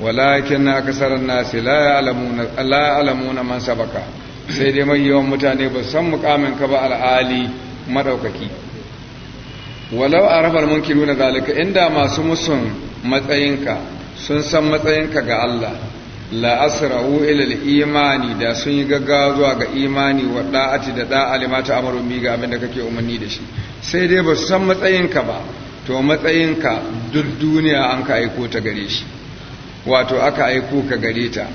S1: walakin aksarun nasi la ya'lamuna la ya'lamuna man sabaka sai dai mai yawan mutane ba san mukamin ka ba al'ali madaukaki walau a rabar munki nuna zalika inda masu musun matsayinka sun san matsayinka ga Allah la asra'u ilal imani da sun yi gaggawa zuwa ga imani wa da'ati da da'a ta amaru mi ga abinda da kake umarni da shi sai dai ba san matsayinka ba to matsayinka duk duniya an ka aiko ta gare shi wato aka aiko ka gare ta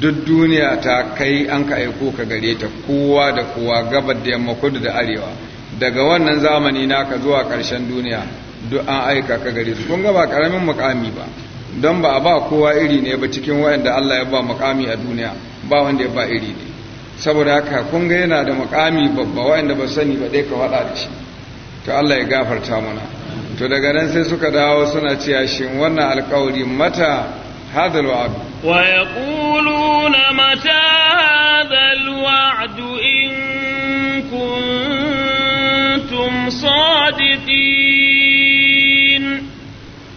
S1: duk duniya ta kai an ka aiko ka gare ta kowa da kowa gabar da yamma kudu da arewa daga wannan zamani naka zuwa ƙarshen duniya duk an aika ka gare su kun ba ƙaramin mukami ba don ba a ba kowa iri ne ba cikin waɗanda Allah ya ba mukami a duniya ba wanda ya ba iri ne saboda haka kun ga yana da mukami babba waɗanda ba sani ba dai ka faɗa da shi to Allah ya gafarta mana to daga nan sai suka dawo suna cewa shin wannan alƙawari mata hadal wa'd
S2: ويقولون متى هذا الوعد إن كنتم صادقين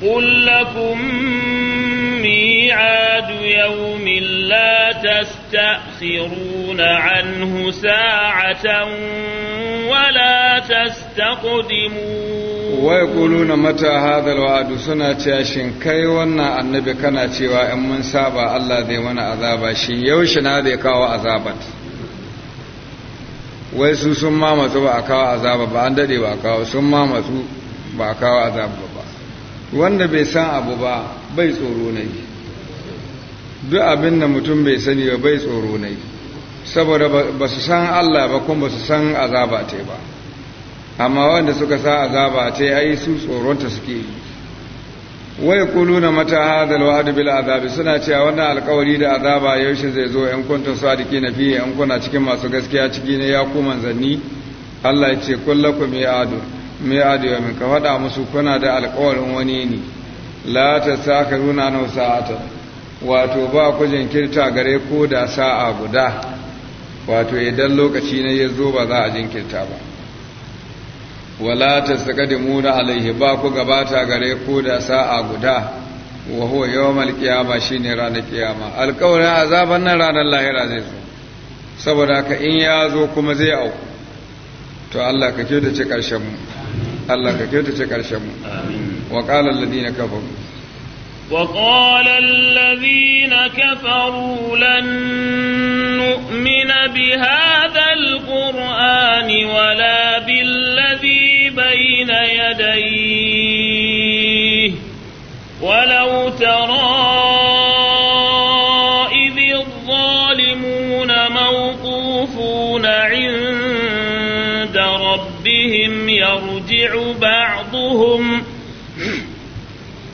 S2: قل لكم ميعاد يوم لا تستأخرون عنه ساعة ولا تستقدمون
S1: ويقولون متى هذا الوعد سنة شن كي ونا النبي كان تيوا إن من سابا الله ذي ونا عذابا شن يوشن هذه كاو عذابا wai su sun mamatsu ba a kawo azaba ba an dade ba a kawo sun mamatsu ba a kawo azaba ba wanda bai san abu ba bai tsoro na yi duk abin da mutum bai sani ba bai tsoro ne saboda ba su san Allah ba kuma ba su san azaba ta ba amma wanda suka sa azaba ta ai su tsoronta suke yi wai kuluna mata hadal wa'd bil azabi suna cewa wannan alkawari da azaba yaushe zai zo in kuntum na fiye in kuna cikin masu gaskiya ciki ne ya ku manzanni Allah ya ce kullakum adu mi'adu min ka faɗa musu kuna da alkawarin wani ne la tasakiruna nau sa'atan wato ba ku jinkirta gare ko da sa'a guda wato idan lokaci ne ya zo ba za a jinkirta ba wala ta saka da muna alaihi ba ku gabata gare ko da sa'a guda wa huwa yawmal qiyama shine ranar qiyama alƙawarin azaban nan ranar lahira zai zo saboda ka in ya zo kuma zai auku to Allah ka kyautace karshen mu Allah ka kyautace karshen mu wa qala alladhina kafaru
S2: وقال الذين كفروا لن نؤمن بهذا القرآن ولا بالذي بين يديه ولو ترى إذ الظالمون موقوفون عند ربهم يرجع بعضهم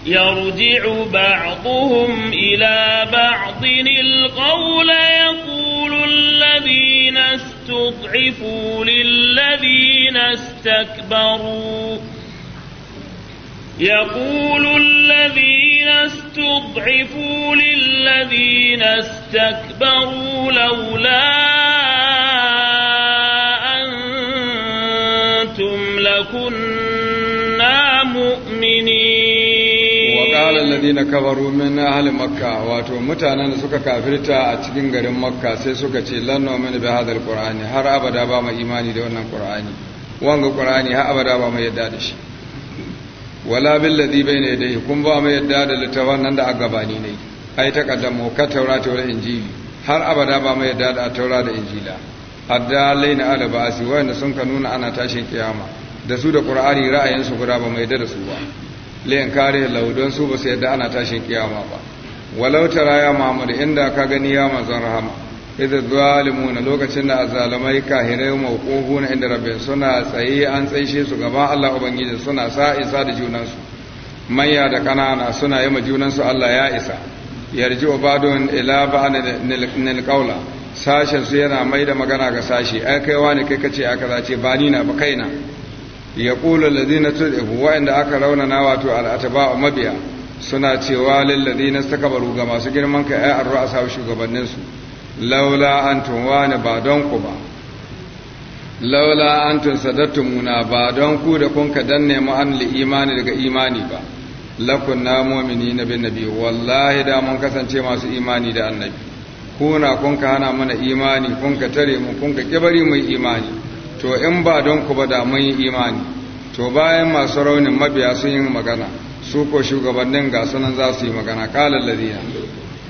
S2: يرجع بعضهم إلى بعض القول يقول الذين استضعفوا للذين استكبروا يقول الذين استضعفوا للذين استكبروا لولا
S1: alladina kafaru min ahli makka wato mutanen da suka kafirta a cikin garin makka sai suka ce lan nu'minu bi hadha alqur'ani har abada ba mu imani da wannan qur'ani wanga qur'ani har abada ba mu yadda da shi wala bil ladhi bayna yadayhi kun ba mu yadda da littafin nan da a gabani ne ai ta kaddamu ka taurata wa injili har abada ba mu yadda da taura da injila hadda laina ala ba'asi wanda sun ka nuna ana tashin kiyama da su da qur'ani ra'ayin su guda ba mu yadda da su ba liyan kare lau su ba su yadda ana tashin kiyama ba walau tara ya mamud inda ka gani ya manzon rahama idza zalimuna lokacin da azalamai kahirai mawqufuna inda rabbin suna tsaye an tsaishe su gaban Allah ubangiji suna sa isa da junansu manya da kanana suna yi ma junansu Allah ya isa yarji ubadun ila ila nil qawla sashen su yana mai da magana ga sashi ai kaiwa ne kai kace aka zace ba ni na ba kaina ya ƙula lalzina wa'inda aka raunana wato al'ataba a mabiya suna cewa lallazina stakabaru ga masu girman ka ya arru a sabu shugabanninsu laula an tunwa ne ba don ku ba laula an tun ba don ku da kun ka danne mu an li imani daga imani ba lakun na momini na bin nabi wallahi da mun kasance masu imani da annabi kuna kun ka hana mana imani kun ka tare mu kun ka kibari mai imani to in ba don ku ba da mun yi imani to bayan masu raunin mabiya sun yi magana su ko shugabannin ga sunan za su yi magana kalan ladina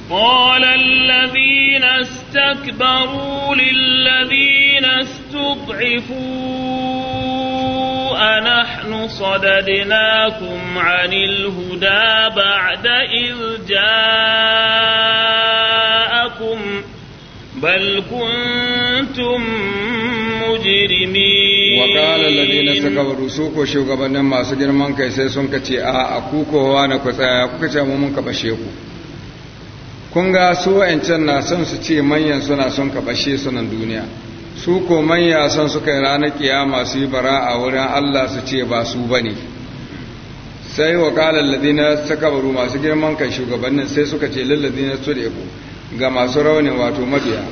S2: قال الذين استكبروا للذين استضعفوا أنحن صددناكم عن الهدى بعد إذ جاءكم بل كنتم المجرمين وقال الذين
S1: shugabannin masu girman kai sai sun kace a ku kowa na ku tsaya kuka ce kun ga su su ko manya san suka yi ranar kiyama su yi bara a wurin Allah su ce ba su bane sai wa ladina suka baro masu girman kai shugabannin sai suka ce su da ga masu raunin wato mabiya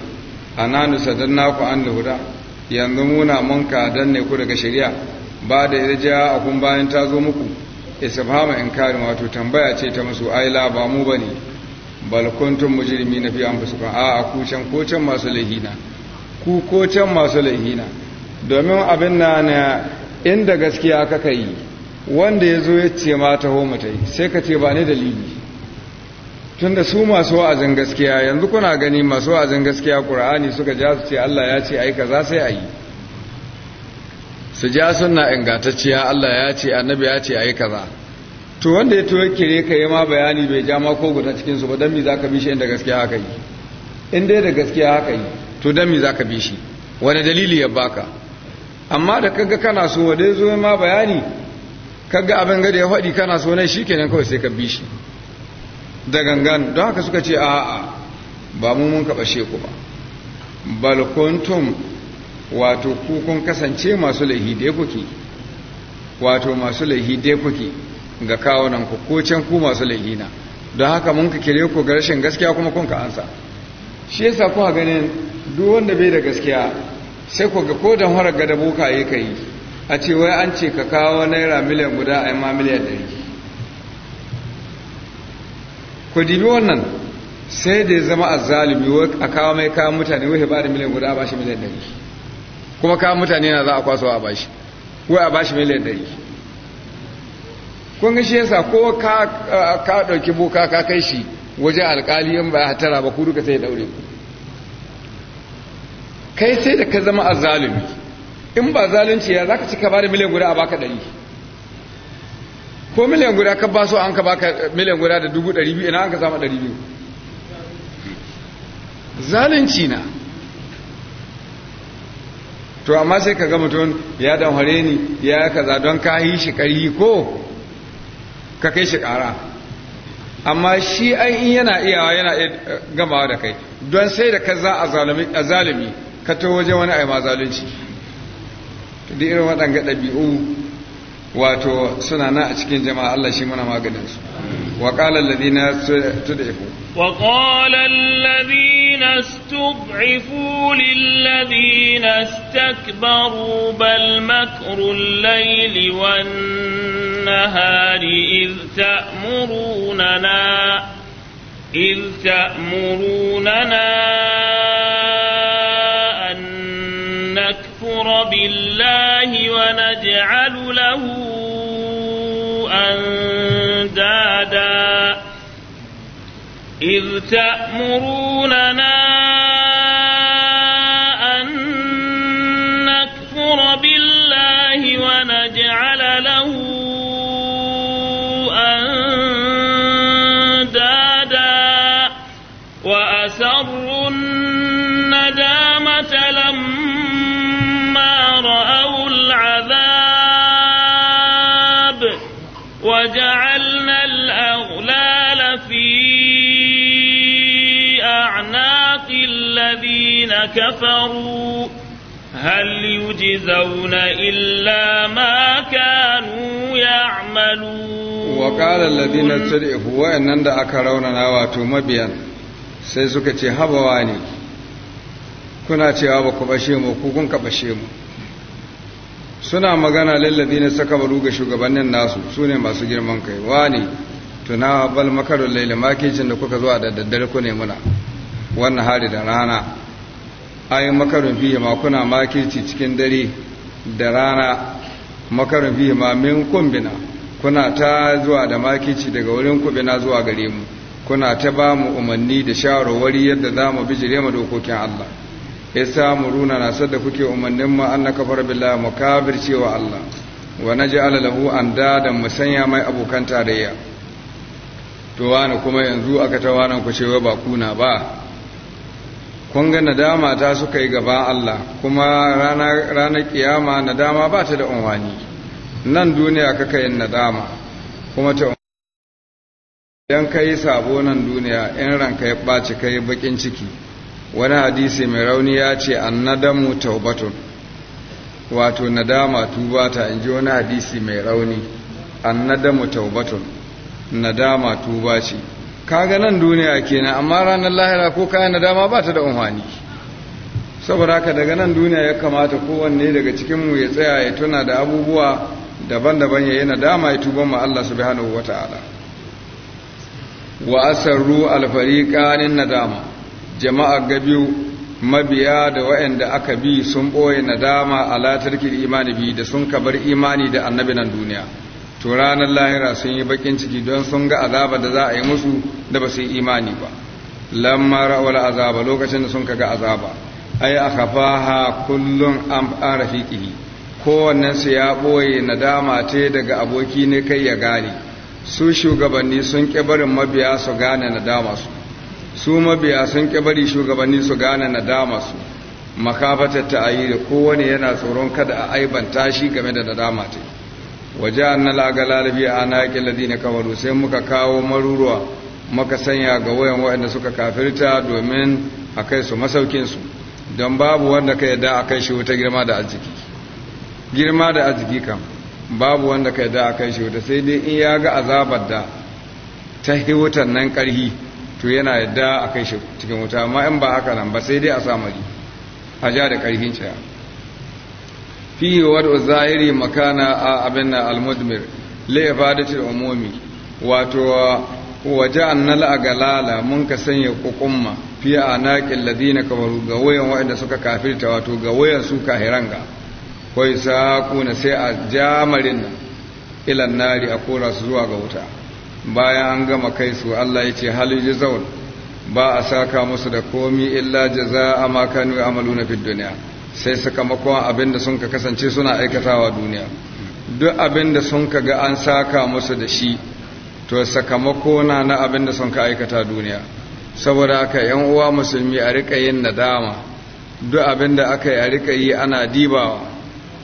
S1: nusa sadanna ku an huda yanzu muna don ne ku daga shari'a ba da ja a kun bayan ta zo muku in kari wato tambaya ce ta musu aila ba mu bane bal kuntum mujrimina fi anfusikum a ku can ko can masu laihina ku ko can masu laihina domin abin na na inda gaskiya kaka yi wanda ya zo ya ce ma taho mu yi sai ka ce ba ni dalili tunda su masu wa'azin gaskiya yanzu kuna gani masu wa'azin gaskiya ƙura'ani suka ja su ce Allah ya ce ai kaza sai ayi su ja suna ingantacciya Allah ya ce annabi ya ce aika kaza to wanda ya tuwa kire ka yi ma bayani bai ja ma ko guda cikin su ba mi za ka bi shi inda gaskiya haka yi in dai da gaskiya haka yi to dan za ka bi shi wani dalili ya baka amma da kaga kana so wanda ya zo ma bayani kaga abin gada ya faɗi kana so ne kenan kawai sai ka bi shi da gangan don haka suka ce a'a ba mu mun kaba sheku ba balkontum wato kun kasance masu laihi dai kuke wato masu laihi dai kuke ga kawunan ku ko can ku masu laihi na don haka mun ka kire ku ga rashin gaskiya kuma kun ka ansa shi yasa kuka ganin duk wanda bai da gaskiya sai ku ga ko da horar ga boka yi kai a ce wai an ce ka kawo naira miliyan guda a yi ma miliyan ɗari ku dibi wannan sai da ya zama zalibi a kawo mai kawo mutane wuhe ba da miliyan guda a bashi miliyan ɗari kuma kawo mutane na za a kwaso a bashi wai a bashi miliyan ɗari kun shi yasa ko ka ɗauki boka ka kai shi wajen alƙali in ba ya hatara ba ku duka sai ya daure ku kai sai da ka zama a zalibi in ba zalunci ya za ka cika ba da miliyan guda a baka ɗari ko miliyan guda ka ba su an ka baka miliyan guda da dubu ɗari biyu ina an ka zama ɗari biyu zalunci na to amma sai ka ga mutum ya hare ni ya kaza don ka yi shi ƙari ko ka kai shi ƙara amma shi an in yana iyawa yana gamawa da kai don sai da ka za a zalimi ka to wajen wani aima zalunci duk irin waɗanga ɗabi'u wato suna na a cikin jama'a Allah shi muna maganin su wa qala alladhina tud'ifu
S2: wa qala alladhina istud'ifu lilladhina istakbaru bal makru al-layli wan nahari idh ta'murunana idh ta'murunana يكفر بالله ونجعل له أندادا إذ تأمروننا أن نكفر بالله ونجعل له وجعلنا الأغلال في أعناق الذين كفروا هل يجزون إلا ما كانوا يعملون
S1: وقال الذين استضعفوا وإن عند أكرونا واتوا مبيا sai suka ce habawa ne kuna cewa ba ku bashe mu ku kun ka bashe mu suna magana lallabi na saka baru ga shugabannin nasu su ne masu girman kai ne tuna bal makarar laila makicin da kuka zuwa da daddare ku ne muna wannan hari da rana yi makarun fiye ma kuna makici cikin dare da rana makarun fiye ma min kumbina kuna ta zuwa da makici daga wurin kubina zuwa gare mu kuna ta ba mu umarni da shawarwari yadda za mu bijire mu dokokin Allah yasa muruna na sadda kuke umarnin ma an kafar billahi mu cewa Allah wa naj'ala lahu andadan musanya mai abokan tarayya to wani kuma yanzu aka ta wani ku cewa ba kuna ba kun ga nadama ta suka yi gaban Allah kuma ranar ranar kiyama nadama ba ta da unwani nan duniya kaka yin nadama kuma ta idan kai sabo nan duniya in ranka ya ɓaci kai bakin ciki wani hadisi mai rauni ya ce 'An nadamu taubatun wato nadama tuba ta in ji wani hadisi mai rauni 'An nadamu taubatun nadama tuba ce kaga nan duniya kenan amma ranar lahira ko kayan nadama ba ta da umarni. saboda haka daga nan duniya ya kamata kowanne daga cikinmu ya tsaya ya tuna da abubuwa daban-daban ya yi nadama ya tuba ma Allah subhanahu Wa'asarru wa asarru alfariqanin nadama jama'a ga mabiya da waɗanda aka bi sun ɓoye nadama a latarkin imani bi da sun kabar imani da annabi nan duniya to ranar lahira sun yi bakin ciki don sun ga azaba da za a yi musu da ba su yi imani ba lamma ra'awar azaba lokacin da sun kaga azaba ai a kafaha kullum an rafiqihi kowannensu ya ɓoye nadama ce daga aboki ne kai ya gane su shugabanni sun ƙi barin mabiya su gane nadama su su mabiya sun ƙi bari shugabanni su gane nadama su makafatar ta ayi da kowane yana tsoron kada a aibanta shi game da nadama ta waje an ga lalabi a na ladi na kawaru sai muka kawo maruruwa muka sanya ga wayan waɗanda suka kafirta domin a kai su masaukinsu don babu wanda ka yadda a kai shi wuta girma da arziki girma da arziki kam babu wanda ka yadda a kai shi wuta sai dai in ya ga azabar da ta hi wutan nan ƙarhi to yana yadda a kai shi cikin wuta amma in ba aka nan ba sai dai a samari a ja da ƙarfin caya. fi wadda zahiri makana a abin na almudmir laifa da umomi wato waje an nala a galala mun ka sanya kukumma fiye a naƙin ladina kamar ga wayan waɗanda suka kafirta wato ga wayan su hiranga kwai sa kuna sai a jamarin ilannari ilan nari a kora su zuwa ga wuta bayan an gama kai su Allah ya ce hali jizaun ba a saka musu da komi illa jaza a makanu amalu na fi duniya sai sakamakon abin da sun ka kasance suna aikatawa duniya duk abin da sun ka ga an saka musu da shi to sakamako na na abin da sun ka aikata duniya saboda haka yan uwa musulmi a rika yin nadama duk abin da aka yi a rika yi ana dibawa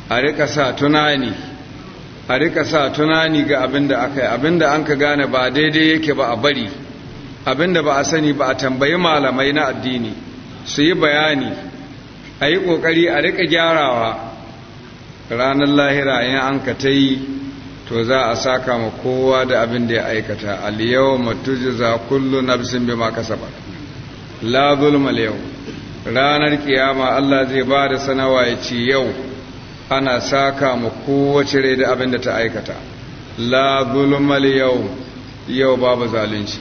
S1: a rika sa tunani a rika sa tunani ga abin da aka yi abin da an ka gane ba daidai yake ba a bari abin da ba a sani ba a tambayi malamai na addini su yi bayani a yi ƙoƙari a rika gyarawa ranar lahira in an ka ta yi to za a saka ma kowa da abin da ya aikata aliyawa na kullu bi maka kasaba la zulma yau ranar kiyama Allah zai ba da sanawa ya ce yau ana saka mu kowace rai da abin da ta aikata la zulmal yau yau babu zalunci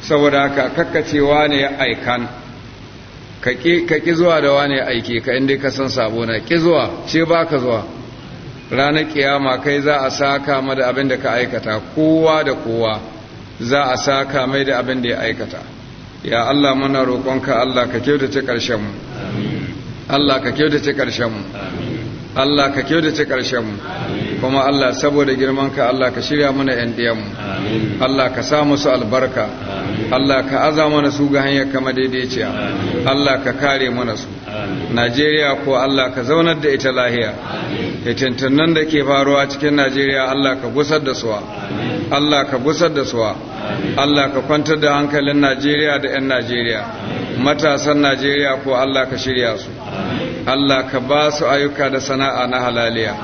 S1: saboda haka kakkacewa ne ya aikan ka ki zuwa da wane aike ka inda ka san sabo na ki zuwa ce ba ka zuwa ranar kiyama kai za a saka ma da abin da ka aikata kowa da kowa za a saka mai da abin da ya aikata ya Allah muna roƙonka Allah ka kyautace mu Allah ka kyautace ƙarshenmu Allah ka kyautace ƙarshen mu kuma Allah saboda girmanka Allah ka shirya mana ƴan mu Allah ka sa musu albarka Allah ka aza mana su ga hanyar kama daidaiciya Allah ka kare mana su Najeriya ko Allah ka zaunar da ita lahiya hitintunan da ke faruwa cikin Najeriya Allah ka gusar da suwa Allah ka gusar da suwa Allah ka kwantar da hankalin Najeriya da 'yan Najeriya matasan Najeriya ko Allah ka shirya su Allah ka ba su ayyuka da sana'a na halaliya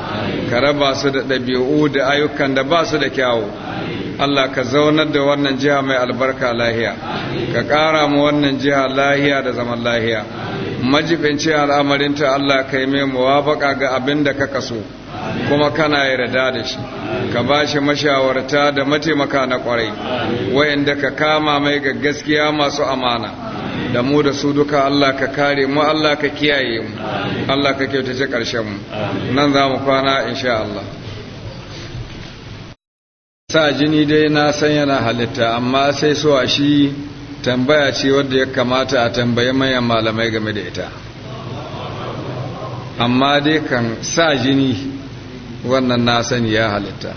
S1: ka raba su da ɗabi'u da ayyukan da ba su da kyawu Allah ka zaunar da wannan jiha mai albarka lahiya ka ƙara mu wannan jiha lahiya da zaman lahiya majibinci al'amarinta Allah ka yi mai muwafaka ga abin da ka kaso kuma kana yarda da shi ka ba shi mashawarta da mataimaka na kwarai wayanda ka kama mai ga gaskiya masu amana da mu da su duka Allah ka kare mu Allah ka kiyaye mu Allah ka kyautace ƙarshen mu nan za mu kwana insha Allah sa jini dai na san yana halitta amma sai so a shi tambaya ce wadda ya kamata a tambaye manyan malamai game da ita amma dai kan sa jini wannan na sani ya halitta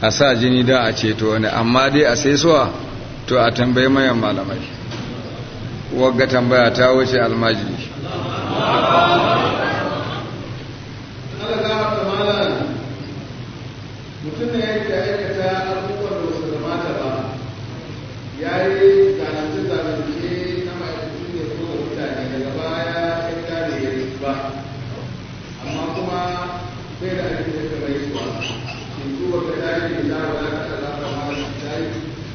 S1: a sa jini da a ceto wani amma dai a sai so to a tambaye manyan malamai wagga tambaya ta wuce almajiri mutum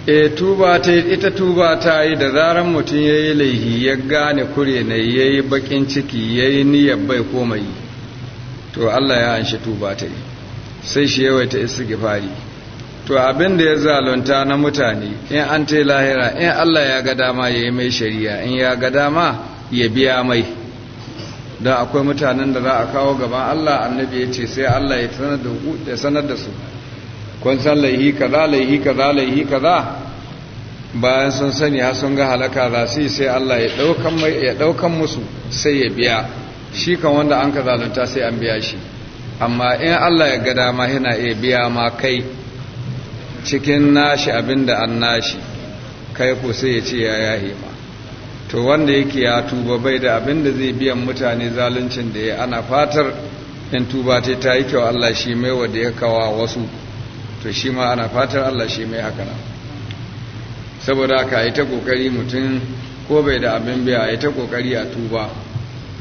S1: e tuba ta ita tuba ta yi da zaran mutum ya yi laihi ya gane kure na ya yi bakin ciki ya yi niyyar bai komai to Allah ya anshi tuba ta yi sai shi yawaita istighfari to abin da ya zalunta na mutane in an ta lahira in Allah ya ga dama ya yi mai shari'a in ya ga dama ya biya mai don akwai mutanen da za a kawo gaban Allah annabi ya ce sai Allah ya sanar da su kun san laihi kaza laihi kaza laihi kaza bayan sun sani har sun ga halaka za su yi sai Allah ya ɗaukan musu sai ya biya shi kan wanda an ka zalunta sai an biya shi amma in Allah ya ga dama yana iya biya ma kai cikin nashi abinda an nashi kai ko sai ya ce ya yahe ma to wanda yake ya tuba bai da abinda zai biyan mutane zaluncin da ya ana fatar in tuba ta yi kyau Allah shi mai wa da ya kawa wasu to shi ma ana fatar Allah shi mai haka nan saboda ka yi ta kokari mutum ko bai da abin biya ya ta kokari a tuba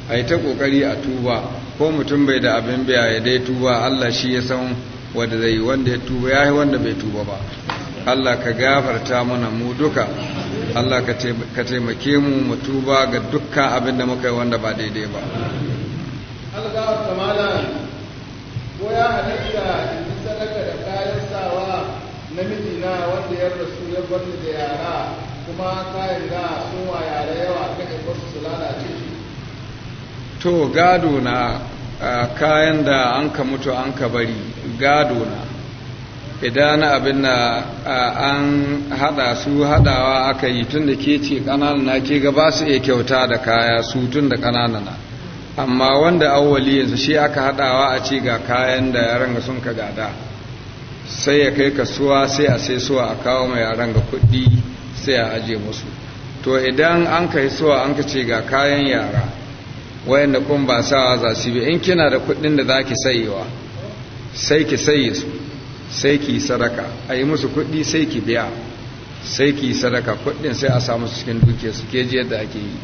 S1: a yi ta kokari a tuba ko mutum bai da abin biya ya dai tuba Allah shi ya san wanda zai wanda ya tuba ya yi wanda bai tuba ba Allah ka gafarta mana mu duka Allah ka taimake mu mu tuba ga dukkan abin da muka yi wanda ba daidai ba
S3: Allah ga ko ya halitta yar rasu ya bar da yara kuma ta yarda sun wa yara yawa kan su lalace shi
S1: to gado na kayan da an ka mutu an ka bari gado na idan abin da an hada su hadawa aka yi tun da ke ce na ke gaba su iya kyauta da kaya su tun da na amma wanda awwali yanzu shi aka hadawa a ce ga kayan da yaran sun ka gada sai ya kai kasuwa sai a sai suwa a kawo mai yaran ga kuɗi sai a aje musu to idan an kai suwa an ka ga kayan yara wayanda kun ba sawa za su bi in kina da kuɗin da za ki sayewa sai ki saye su sai ki sadaka a yi musu kuɗi sai ki biya sai ki sadaka kuɗin sai a samu cikin duke su ke ji da ake yi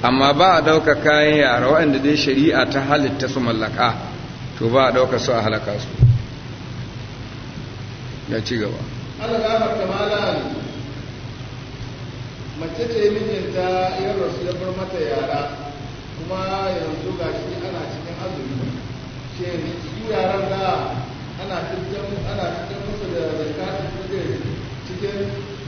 S1: amma ba a ɗauka kayan yara waɗanda dai shari'a ta halitta su mallaka to ba a ɗauka su a halaka su ya ci gaba
S3: Allah gafarta malam mace ce mijinta ya rasu ya bar mata yara kuma yanzu ga shi ana cikin azumi ce ni yaran da ana fitar ana fitar musu da zakatun fitr cikin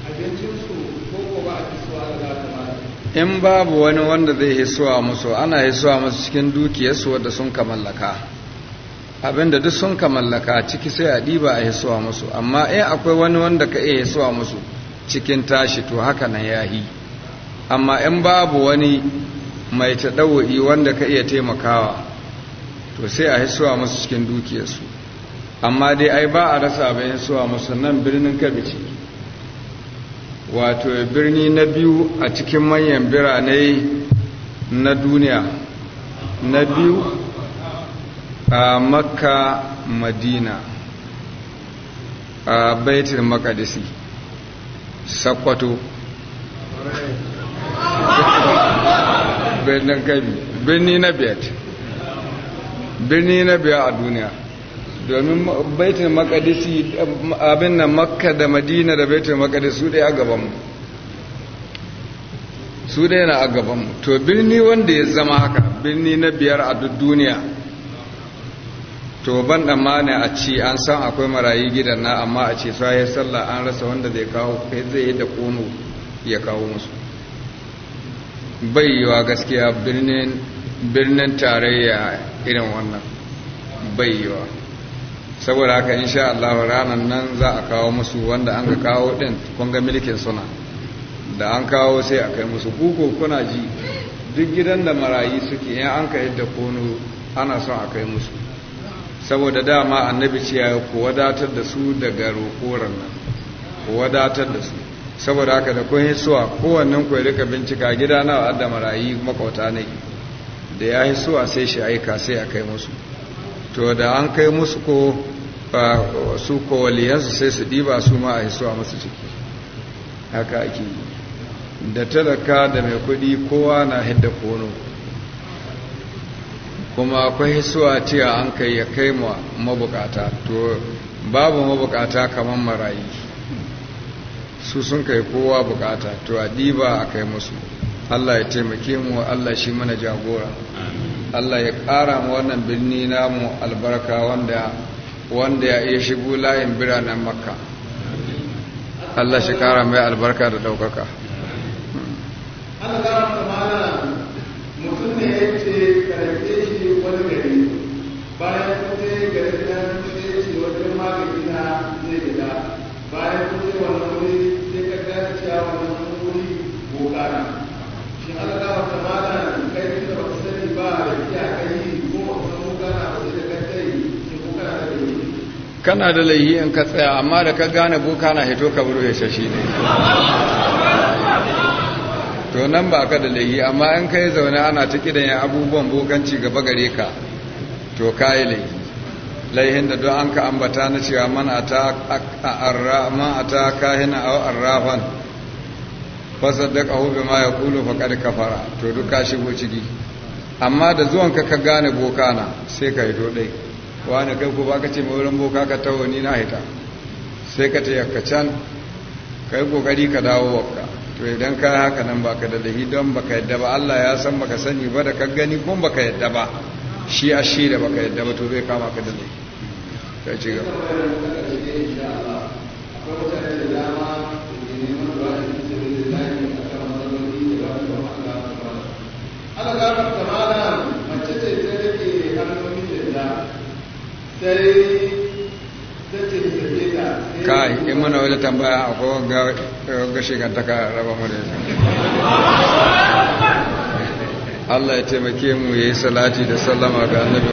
S3: abincinsu ko ko ba a fisuwa da zata
S1: in babu wani wanda zai hisuwa musu ana hisuwa musu cikin dukiyarsu wadda sun ka mallaka abinda duk sun ka mallaka ciki sai a ɗiba a hisuwa musu amma in akwai wani wanda ka iya hisuwa musu cikin tashi to haka nan ya yi amma in babu wani mai taɗawo'i wanda ka iya taimakawa to sai a hisuwa musu cikin dukiyarsu amma dai ai ba a rasa abin hisuwa musu nan birnin kabici wato birni na biyu a cikin manyan birane na duniya na biyu a makka madina a baitul makadisi sakwato birnin gabi birni na biyat birni na biya a duniya domin baitul makadisi abin nan makka da madina da baitul makadisi su dai a gabanmu su dai na a gabanmu to birni wanda ya zama haka birni na biyar a duk duniya to ban da ne a ci an san akwai marayu gidan na amma a ce ya sallah an rasa wanda zai kawo kai zai yi da kono ya kawo musu bayyawa gaskiya birnin tarayya irin wannan bayyawa saboda haka insha Allah ranar nan za a kawo musu wanda an ga kawo din kun ga milkin suna da an kawo sai a kai musu kuko kuna ji duk gidan da marayi suke yan an ka yadda kono ana son a kai musu saboda dama annabi ce ya ku wadatar da su daga roƙoran nan ku wadatar da su saboda haka da kun hisuwa kowannen ku rika bincika gida nawa adda marayi makwauta ne da ya hisuwa sai shi aika sai a kai musu to da an kai musu ko su ko waliyansu sai su ɗiba su ma a hisuwa musu ciki haka ake yi da talaka da mai kuɗi kowa na hidda kono kuma akwai hisuwa cewa an kai ya kai mabukata to babu mabukata kamar marayi su sun kai kowa bukata to a ɗiba a kai musu Allah ya taimake mu Allah shi mana jagora Allah ya ƙara mu wannan birni namu albarka wanda ya iya shigo layin biranen makka Allah shi ƙara mai albarka da ɗaukaka
S3: Allah
S1: kana da laihi in ka tsaya amma da ka gane boka na hito ka buru ya shashi ne to nan ba ka da laihi amma in ka yi zaune ana ta kidan ya abubuwan bokanci gaba gare ka to ka yi laihi laihin da don an ka ambata na cewa man a ta kahina a arrafan fasaddaka hu bima yaqulu ya kafara to duk ka shigo ciki amma da zuwan ka ka gane boka na sai ka yi dodai wani kai ko baka ce mai boka ka tawo ni na hita sai ka ta yakka can kai kokari ka dawo wakka to idan ka haka nan baka da dahi don baka yadda ba Allah ya san baka sani ba da ka gani ko baka yadda ba shi a shi da baka yadda ba to zai kama ka da ka ci
S3: gaba kai in
S1: mana wani tambaya ko ga ka raba mu da [LAUGHS] Allah ya taimake mu ya yi salati da sallama ga annabi